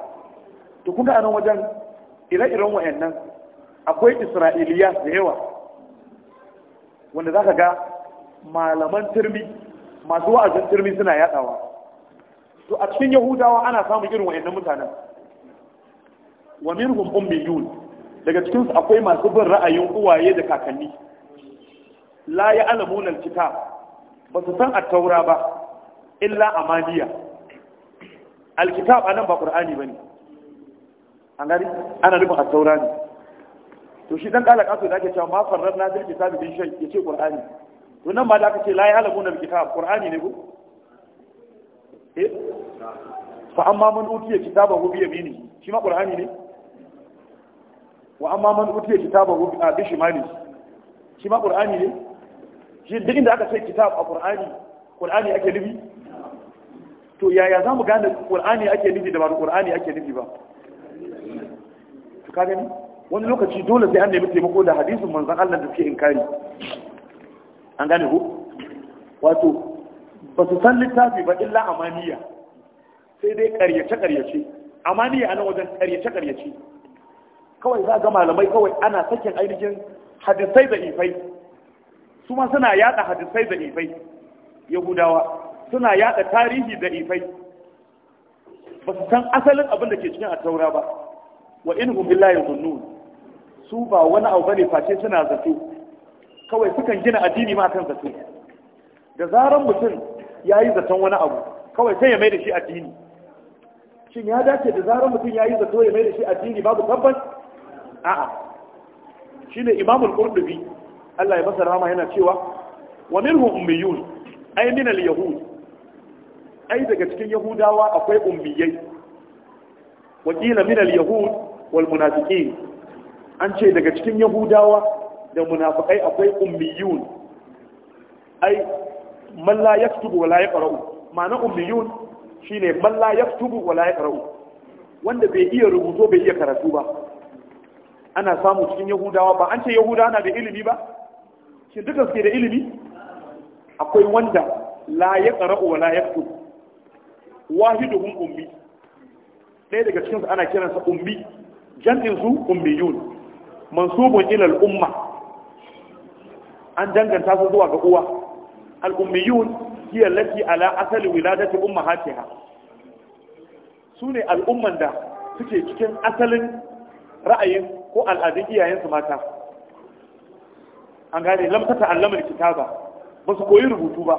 to kun ga nan wajen ire-iren wayannan akwai isra'iliya da yawa wanda za ka ga malaman turmi masu wa'azin turmi suna yadawa to a cikin yahudawa ana samun irin wa'annan mutanen wa minhum ummiyun daga cikinsu akwai masu bin ra'ayin uwaye da kakanni la ya alamu al cika ba su san attaura ba illa amaniya al anan ba qur'ani bane an gari ana nufin attaura ne to shi dan kala kaso da ake cewa ma na fil kitabi bin shay yace qur'ani to nan ma da aka ce la ya'lamuna bil kitab qur'ani ne ko eh fa amma man utiya kitabahu bi yamini shi ma qur'ani ne wa amma man utiya kitabahu ah, bi shimali shi ma qur'ani ne shi duk inda aka ce kitab a qur'ani qur'ani ake nufi to yaya za mu gane qur'ani ake nufi da ba qur'ani ake nufi ba to ka gani wani lokaci dole sai an nemi taimako da hadisin manzan Allah da suke inkari an gane ku wato ba su san littafi ba illa amaniya sai dai karyace karyace amaniya a nan wajen karyace karyace kawai za ga malamai kawai ana sakin ainihin hadisai da ifai su ma suna yada hadisai da ifai yahudawa suna yada tarihi da ifai ba su san asalin abin da ke cikin a taura ba wa in billahi dhunnun su ba wani abu bane face suna zato kawai sukan gina addini ma kan zato da zaran mutum ya yi zaton wani abu kawai sai ya mai da shi addini shin ya dace da zaran mutum ya yi zato ya mai da shi addini babu tabbas a'a shine imamul qurdubi Allah ya masa rahama yana cewa wa minhu ummiyun ay min al-yahud ai daga cikin yahudawa akwai ummiyai wakila min al-yahud wal munafiqin an ce daga cikin yahudawa da munafakai akwai ummiyun ai man la yaktubu wa yaqra'u ma'ana ummiyun shine man la yaktubu wa yaqra'u wanda bai iya rubuto bai iya karatu ba ana samu cikin yahudawa ba an ce Yahuda na da ilimi ba shin duka suke da ilimi akwai wanda la yaqra'u wa yaktubu wahiduhum ummi ɗaya daga cikinsu ana kiransa ummi jam'in su ummiyun mansubun ilal umma an danganta su zuwa ga uwa al'ummiyun hiya lati ala asali wiladati ummahatiha su ne al'umman da suke cikin asalin ra'ayin ko al'adun iyayensu mata an gane lamta ta'allamar kitaba ba su koyi rubutu ba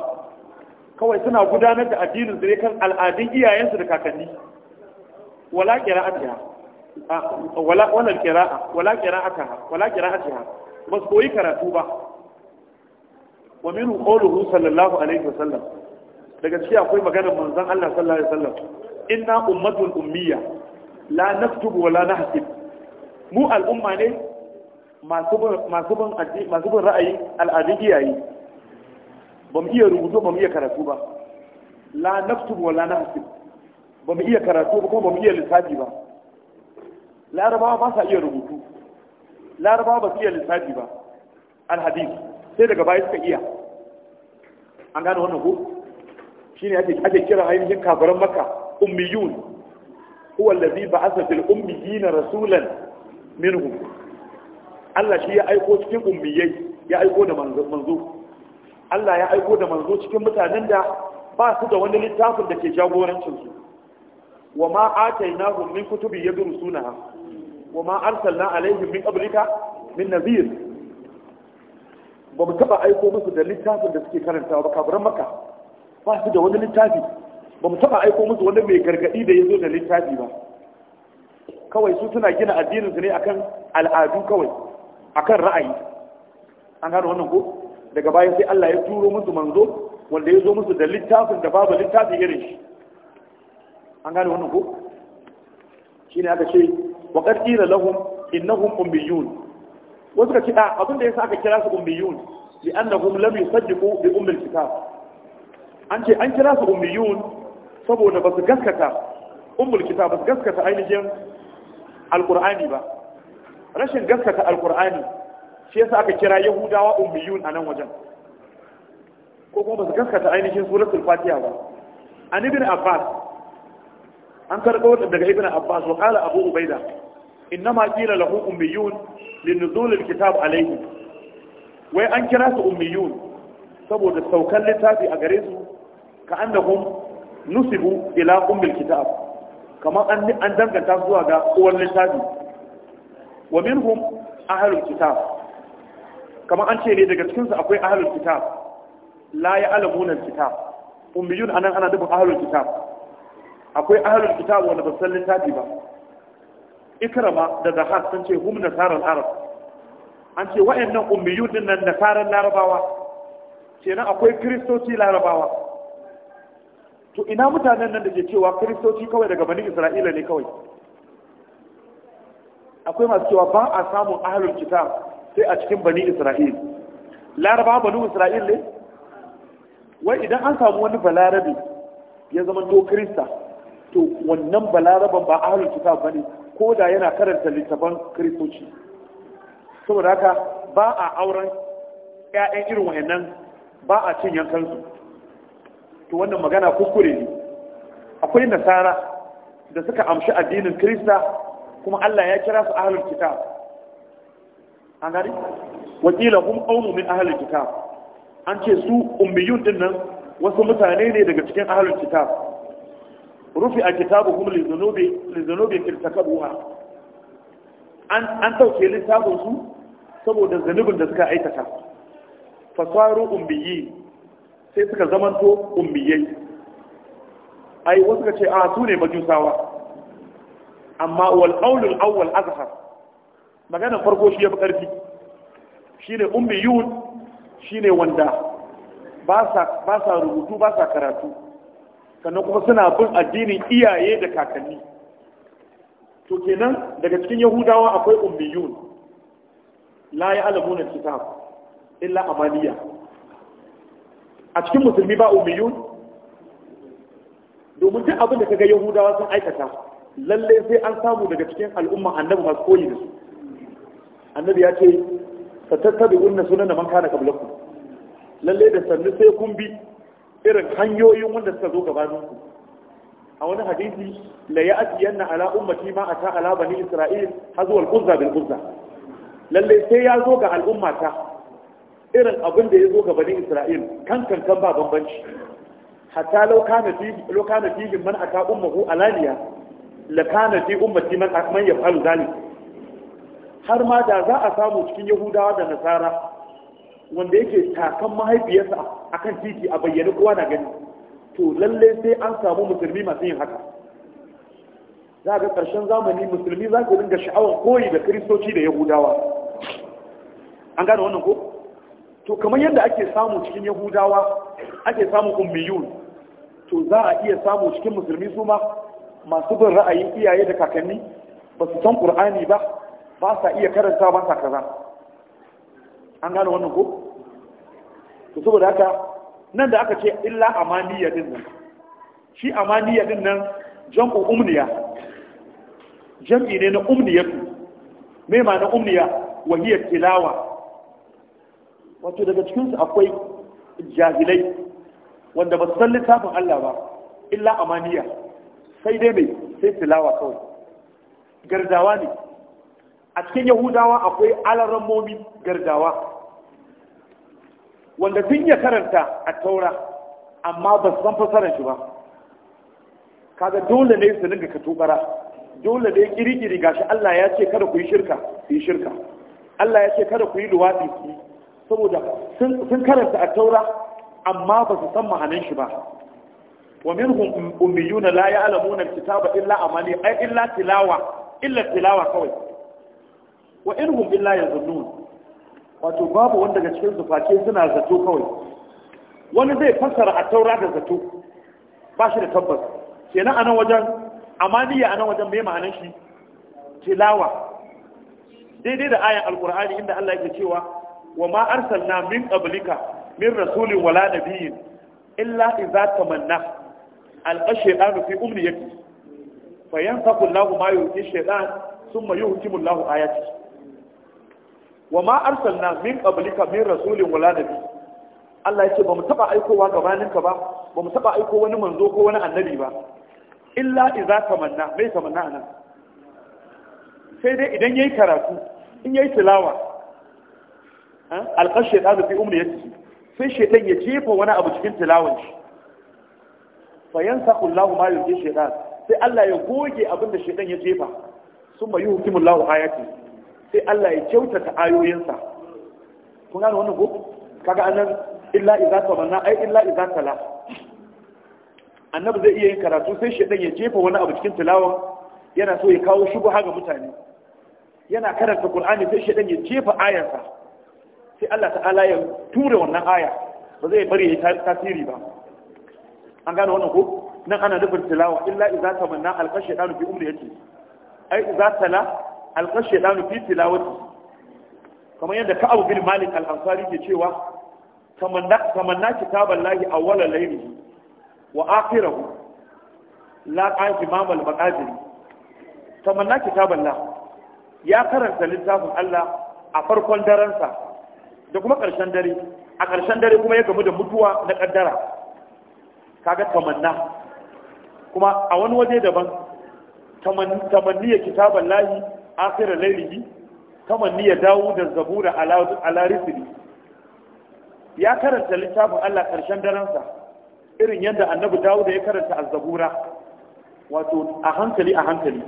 kawai suna gudanar da addinin su kan al'adun iyayensu da kakanni wala ƙira'atiya Ah, wala wannan qira'a wala qira'ataha wala qira'atiha ba su koyi karatu ba wa minhu qawluhu sallallahu alaihi wasallam daga cikin akwai maganar manzon Allah sallallahu alaihi wasallam inna ummatun ummiya la naktubu wa la nahsib mu al'umma ne masu bin ra'ayi al'adun iyaye ba mu iya rubutu ba mu iya karatu ba la naktubu wa la nahsib ba mu iya karatu ba kuma ba mu iya lissafi ba larabawa ba sa iya rubutu larabawa ba su iya lissafi ba alhadis sai daga baya suka iya an gane wannan ko Shi ake ake kira ainihin kafiran makka ummiyun huwa allazi ba'atha fil ummiyina rasulan minhum Allah shi ya aiko cikin ummiyai ya aiko da manzo Allah ya aiko da manzo cikin mutanen da ba su da wani littafin da ke jagorancin su wa ma atainahum min kutubi yadrusunaha wa ma arsalna alaihim min qablika min nazir ba mu taba aiko musu da littafin da suke karantawa ba kaburan makka ba su da wani littafi ba mu taba aiko musu wani mai gargadi da ya zo da littafi ba kawai su suna gina addininsu ne akan al'adu kawai akan ra'ayi an gano wannan ko daga baya sai Allah ya turo musu manzo wanda ya zo musu da littafin da babu littafi irin shi an gane wannan ko shine aka ce wa qad qila lahum innahum ummiyun wasu ka ci a ah, abin da yasa aka kira su ummiyun li annahum lam yusaddiqu bi ummil kitab an ce an kira su ummiyun saboda ba gaskata ummul kitab ba gaskata ainihin alqur'ani ba rashin gaskata alqur'ani shi yasa aka kira yahudawa ummiyun a nan wajen ko ba su gaskata ainihin suratul ba an ibn an karɓo daga ibn abbas wa qala abu ubaida innama qila lahu ummiyun nuzul alkitab alayhi wai an kira su ummiyun saboda saukan littafi a gare su ka annahum nusibu ila ummi alkitab kamar an an danganta zuwa ga uwar littafi wa minhum ahlul kitab kamar an ce ne daga cikin su akwai ahlul kitab la ya'lamuna alkitab ummiyun anan ana dubin ahlul kitab akwai ahlul kitab wanda ba san littafi ba ikrama da zahar sun ce hum nasaran arab an ce wa'annan ummiyu din nan nasaran larabawa kenan akwai kristoci larabawa to ina mutanen nan da ke cewa kristoci kawai daga bani isra'ila ne kawai akwai masu cewa ba a samun ahlul kitab sai a cikin bani isra'il larabawa bani isra'il ne wai idan an samu wani balarabe ya zama to krista to wannan balaraban ba ahalin kitab ne ko da yana karanta littafan kristoci saboda haka ba a auren ƴaƴan irin wayannan ba a cin yankansu to wannan magana kuskure ne akwai nasara da suka amshi addinin krista kuma Allah ya kira su ahalin kitab an gari wakila hum qaumun min ahlul kitab an ce su ummiyun dinnan wasu mutane ne daga cikin ahlul kitab rufi a kitabu kuma lizunobe kirtakabuwa an sauke littafinsu saboda zanubin da suka aikata fasaru umbiyi sai suka zamanto umbiyai ai wasu ka ce a su ne majusawa amma wal'aulul awwal azhar Maganin farko shi ya fi ƙarfi shi ne umbiyun shi ne wanda ba sa rubutu ba sa karatu sannan kuma suna bin addinin iyaye da kakanni to kenan daga cikin yahudawa akwai ummiyun la ya alamu na kitab illa amaniya a cikin musulmi ba ummiyun domin duk abin da kaga yahudawa sun aikata lalle sai an samu daga cikin al'umma annabi masu koyi da su annabi ya ce fatattabi unna sunan man kana qablakum lalle da sannu sai kun bi irin hanyoyin wanda suka zo gabaninku a wani hadisi la ya ati yanna ala ummati ma ata ala bani isra'il hazuwal uzza bil uzza lalle sai ya zo ga al'ummata irin abin da ya zo ga bani isra'il kan kan ba bambanci hatta lokana kana fi law kana fi man ata ummuhu alaniya la kana fi ummati man man yaf'alu dhalik har ma da za a samu cikin yahudawa da nasara wanda yake takan mahaifiyarsa kan titi a bayyane kowa na gani to lalle sai an samu musulmi masu yin haka za ga ƙarshen zamani musulmi za ku dinga sha'awar koyi da kiristoci da yahudawa an gane wannan ko to kamar yadda ake samu cikin yahudawa ake samun ummiyun to za a iya samu cikin musulmi su ma masu bin ra'ayin iyaye da kakanni ba su san ƙur'ani ba ba sa iya karanta ba sa kaza an gane wannan ko to saboda haka nan da aka ce illa amaniya din nan shi amaniya din nan jam'u umniya jam'i ne na ku, me ma na umniya wa hiya tilawa wato daga cikin su akwai jahilai wanda ba san littafin Allah ba illa amaniya sai dai mai sai tilawa kawai gardawa ne a cikin yahudawa akwai alarammomi gardawa wanda sun ya karanta a taura amma ba su san fasaran shi ba kaga dole ne su dinga katubara dole ne kirikiri gashi Allah ya ce kada ku yi shirka ku yi shirka Allah ya ce kada ku yi luwaɗi saboda sun karanta a taura amma ba su san ma'anin shi ba wa minhum um, ummiyuna la ya'lamuna kitaba illa amani ay illa tilawa illa tilawa kawai wa inhum illa yadhunnun wato babu wanda daga cikin zuface suna zato kawai wani zai fassara a taura da zato ba shi da tabbas kenan a nan wajen amaniya a nan wajen mai ma'anar shi tilawa daidai da ayan alkur'ani inda Allah yake cewa wa ma arsalna min qablika min rasulin wala nabiyyin illa idza tamanna alqashaytan fi umniyati fayanfaqu Allahu ma yuhi shaytan thumma yuhkimu Allahu ayatihi wa ma arsalna min qablika min rasulin wala nabi Allah ya ce ba mu taba aikowa gabaninka ba ba mu taba aiko wani manzo ko wani annabi ba illa idza tamanna mai tamanna anan sai dai idan yayi karatu in yayi tilawa alqashi da fi umniyati sai shaytan ya jefa wani abu cikin tilawan shi fa yansakhu Allahu ma yulqi shaytan sai Allah ya goge abin da shaytan ya jefa summa yuhkimu Allahu ayati sai Allah ya kyautata ayoyinsa kun gane wannan ko kaga anan illa idza tamanna ai illa idza tala annabi zai iya yin karatu sai shedan ya jefa wani abu cikin tilawar yana so ya kawo shubha ga mutane yana karanta Qur'ani sai shedan ya jefa ayarsa sai Allah ta'ala ya tura wannan aya ba zai bari ya tasiri ba an gane wannan ko nan ana nufin tilawa illa idza tamanna alqashaytanu bi umriyati ai idza tala alƙar shaidanu fi tilawati kamar yadda ka abu bin malik al-ansari ke cewa tamanna kitabar lahi wala laini wa akhirahu la qan imam al-baqadiri na, la ya karanta littafin Allah a farkon daransa da kuma ƙarshen dare a ƙarshen dare kuma ya gamu da mutuwa na ƙaddara kaga tamanna kuma a wani waje daban tamanniya kitabar lahi akhir laylihi kamar ni ya dawo da zabura ala ala ya karanta littafin Allah karshen daren sa irin yadda annabi dawo da ya karanta a zabura wato a hankali a hankali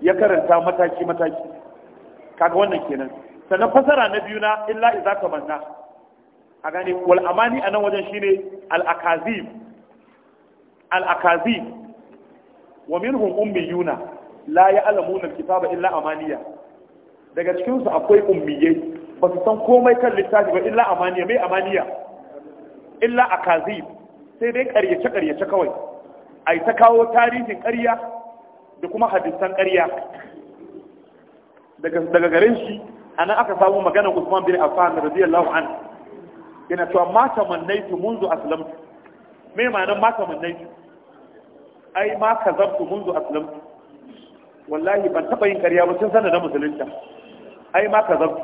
ya karanta mataki mataki kaga wannan kenan sannan fasara na biyu na illa ka manna a gane wal amani anan wajen shine al akazib al akazib wa minhum ummiyuna la ya alamu na kitaba illa amaniya daga cikinsu akwai ummiyai ba su san komai kan littafi ba illa amaniya mai amaniya illa a kazib sai dai ƙaryace-ƙaryace kawai a yi ta kawo tarihin ƙarya da kuma hadisan ƙarya. daga garin shi a nan aka samu maganar usman bin affan radiyallahu an yana cewa mata mannaitu munzu aslamtu me ma'anar mata mannaitu ai ma kazabtu munzu aslamtu wallahi ban taɓa yin karya ba sun sanar da musulunta ai ma ka zabu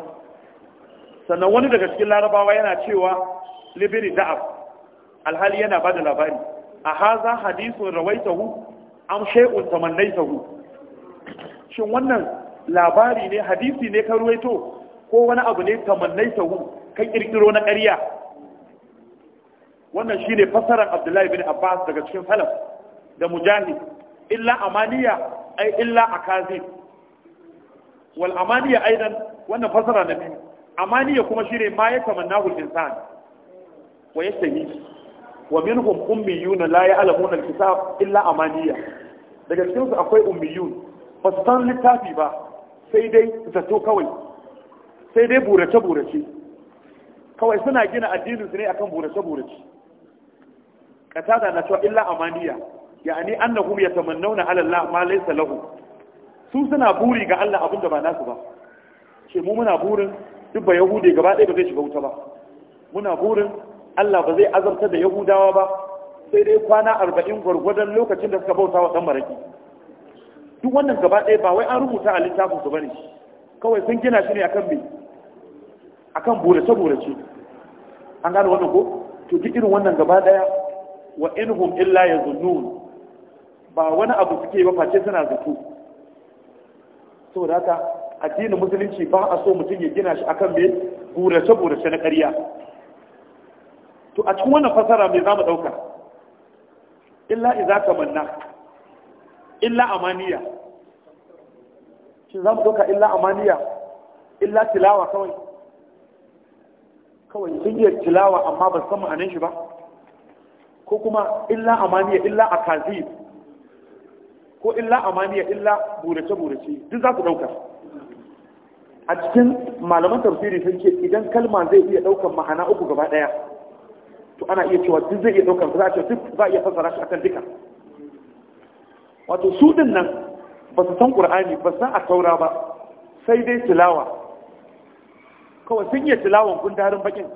sannan wani daga cikin larabawa yana cewa libiri da'ab alhali yana bada da labari a haza hadisun rawaitahu am shay'un tamannaitahu shin wannan labari ne hadisi ne ka ruwaito ko wani abu ne tamannaitahu Kai kirkiro na ƙarya wannan shi ne fasaran abdullahi bin abbas daga cikin falaf da mujahid illa amaniya ai illa akazib wal amaniya aidan wannan fasara na biyu amaniya kuma shine ma ya tamannahu al-insan wa yastahi wa minhum ummiyun la ya'lamuna al-kitab illa amaniya daga cikin su akwai ummiyun ba su san littafi ba sai dai zato kawai sai dai burace burace kawai suna gina addinin su ne akan burace burace katada na cewa illa amaniya yani annahum yatamannawna ala Allah ma laysa lahu su suna buri ga Allah abin da ba nasu ba ce mu muna burin duk ba yahude gaba ɗaya ba zai shiga wuta ba muna burin Allah ba zai azabta da yahudawa ba sai dai kwana arba'in gwargwadon lokacin da suka bauta wa ɗan maraki duk wannan gaba ɗaya ba wai an rubuta a littafin su bane kawai sun gina shi ne akan me akan burace burace an gane wannan ko to duk irin wannan gaba ɗaya wa inhum illa yazunnun ba wani abu suke ba face suna zato saboda haka addinin musulunci ba a so mutum ya gina shi akan mai burace-burace na ƙarya to a cikin wannan fasara mai za mu ɗauka illa iza kamanna illa amaniya shi za mu ɗauka illa amaniya illa tilawa kawai kawai sun iya tilawa amma ba san ma'anin shi ba ko kuma illa amaniya illa a kazi. ko illa amaniya illa burace burace duk za ku dauka a cikin malaman tafsiri sun ce idan kalma zai iya daukan ma'ana uku gaba daya to ana iya cewa duk zai iya daukan za ce duk za a iya fassara shi akan duka wato su din nan ba su san ƙur'ani ba san a taura ba sai dai tilawa kawai sun iya tilawan gundarin bakin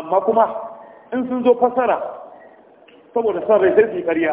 amma kuma in sun zo fassara saboda son rai sai su yi karya.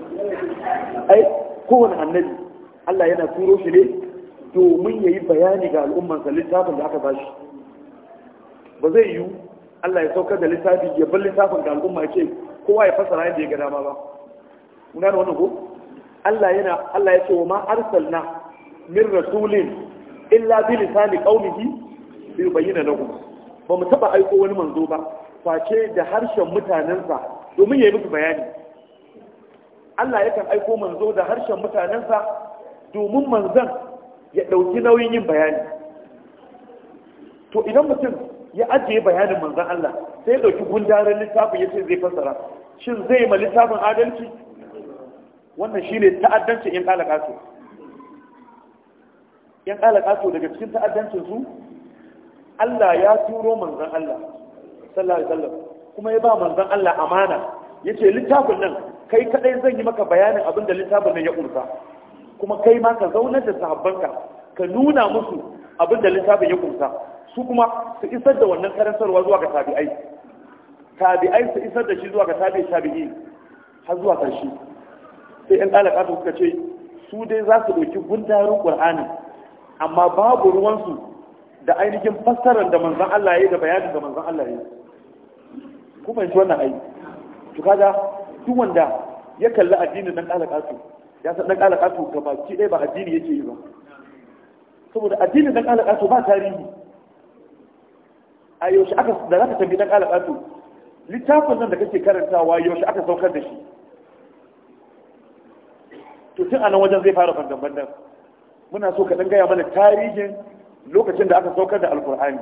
ai kowane annabi Allah yana turo shi ne domin yayi bayani ga al'ummansa littafin da aka bashi ba zai yiwu Allah ya saukar da littafi ya bar littafin ga al'umma ce kowa ya fasara yadda ya ga dama ba Kuna da wannan ko Allah yana Allah ya ce wa ma arsalna min rasulin illa bi lisani qaumihi bi bayyana lahum ba mu taba aiko wani manzo ba face da harshen mutanensa domin ya yi musu bayani Allah yakan aiko manzo da harshen mutanensa domin manzan ya ɗauki nauyin yin bayani to idan mutum ya ajiye bayanin manzan Allah sai ya ɗauki gundaren littafin ya ce zai fassara shin zai ma littafin adalci wannan shi ne ta'addanci in ƙalaka su in ƙalaka su daga cikin ta'addancin su Allah ya turo manzan Allah sallallahu alaihi wasallam kuma ya ba manzan Allah amana yace littafin nan kai kadai zan yi maka bayanin abin da littafin nan ya kunsa kuma kai ma ka zaunar da sahabbanka ka nuna musu abin da littafin ya kunsa su kuma su isar da wannan karantarwa zuwa ga tabi'ai tabi'ai su isar da shi zuwa ga tabi'i tabi'i har zuwa karshe sai yan alaka suka ce su dai za su ɗauki gundarin qur'ani amma babu ruwansu da ainihin fassarar da manzon Allah ya yi da bayanin da manzon Allah ya yi ku fahimci wannan ai to kaga duk wanda ya kalli addinin dan ƙala ƙato ya san dan ƙala ga baki ɗaya ba addini yake yi ba saboda addinin dan ƙala ƙato ba tarihi a yaushe aka da za ka tambi dan ƙala ƙato littafin nan da kake karantawa yaushe aka saukar da shi to tun anan wajen zai fara fangan nan muna so ka dan gaya mana tarihin lokacin da aka saukar da alkur'ani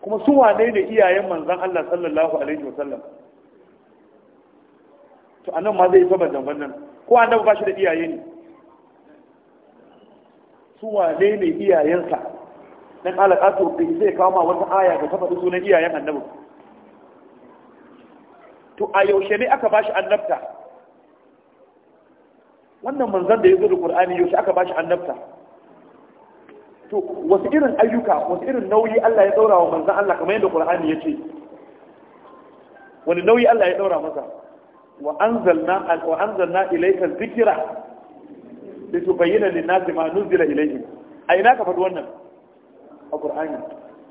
kuma su wane ne iyayen manzon Allah sallallahu alaihi wasallam to anan ma zai yi saban zamban nan ko annabi ba shi da iyaye ne su wane ne iyayensa dan alaƙa to bai zai kawo ma wata aya da ta faɗi sunan iyayen annabi to a yaushe ne aka bashi annabta wannan manzon da ya da qur'ani yaushe aka bashi annabta to wasu irin ayyuka wasu irin nauyi Allah ya daura wa manzon Allah kamar yadda qur'ani ya ce wani nauyi Allah ya daura masa wa anzalna wa anzalna ilayka dhikra litubayyana lin-nasi ma nuzila ilayhim a ina ka faɗi wannan a Qur'ani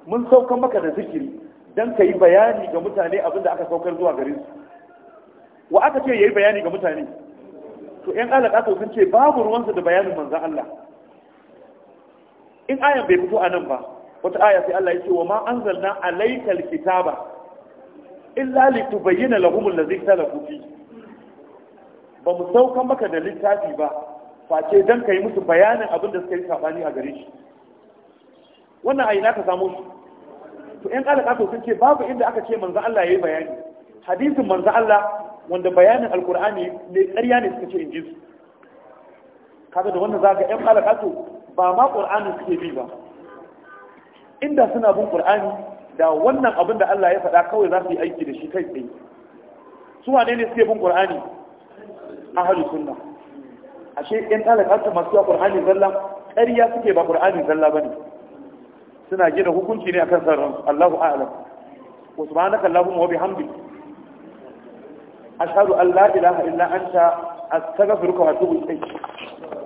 mun saukar maka da zikiri dan kai bayani ga mutane da aka saukar zuwa gare su wa aka ce yayi bayani ga mutane to 'yan alaƙa ka sun ce babu ruwansa da bayanin manzan Allah in ayan bai fito a nan ba wata aya sai Allah ya ce wa ma anzalna alaykal kitaba illa li tubayyana lahum allazi ikhtalafu fi ba mu saukan maka da littafi ba face dan kai musu bayanin abin da suka yi sabani a gare shi wannan ayi ka samu shi to ƴan alƙato sun ce babu inda aka ce manzo Allah yayi bayani hadisin manzo Allah wanda bayanin alqur'ani ne ƙarya ne suka ce in ji su kaga da wannan zaka ƴan alƙato ba ma ƙur'ani suke bi ba inda suna bin ƙur'ani da wannan abin da Allah ya faɗa kawai za su yi aiki da shi kai tsaye su wane ne suke bin qur'ani ahli sunna ashe yan in talakatu masu qur'ani zalla ƙarya suke ba qur'ani zalla bane suna gina hukunci ne akan sarran Allahu a'lam wa subhanaka allahumma wa bihamdik ashhadu an la ilaha illa anta astaghfiruka wa atubu ilayk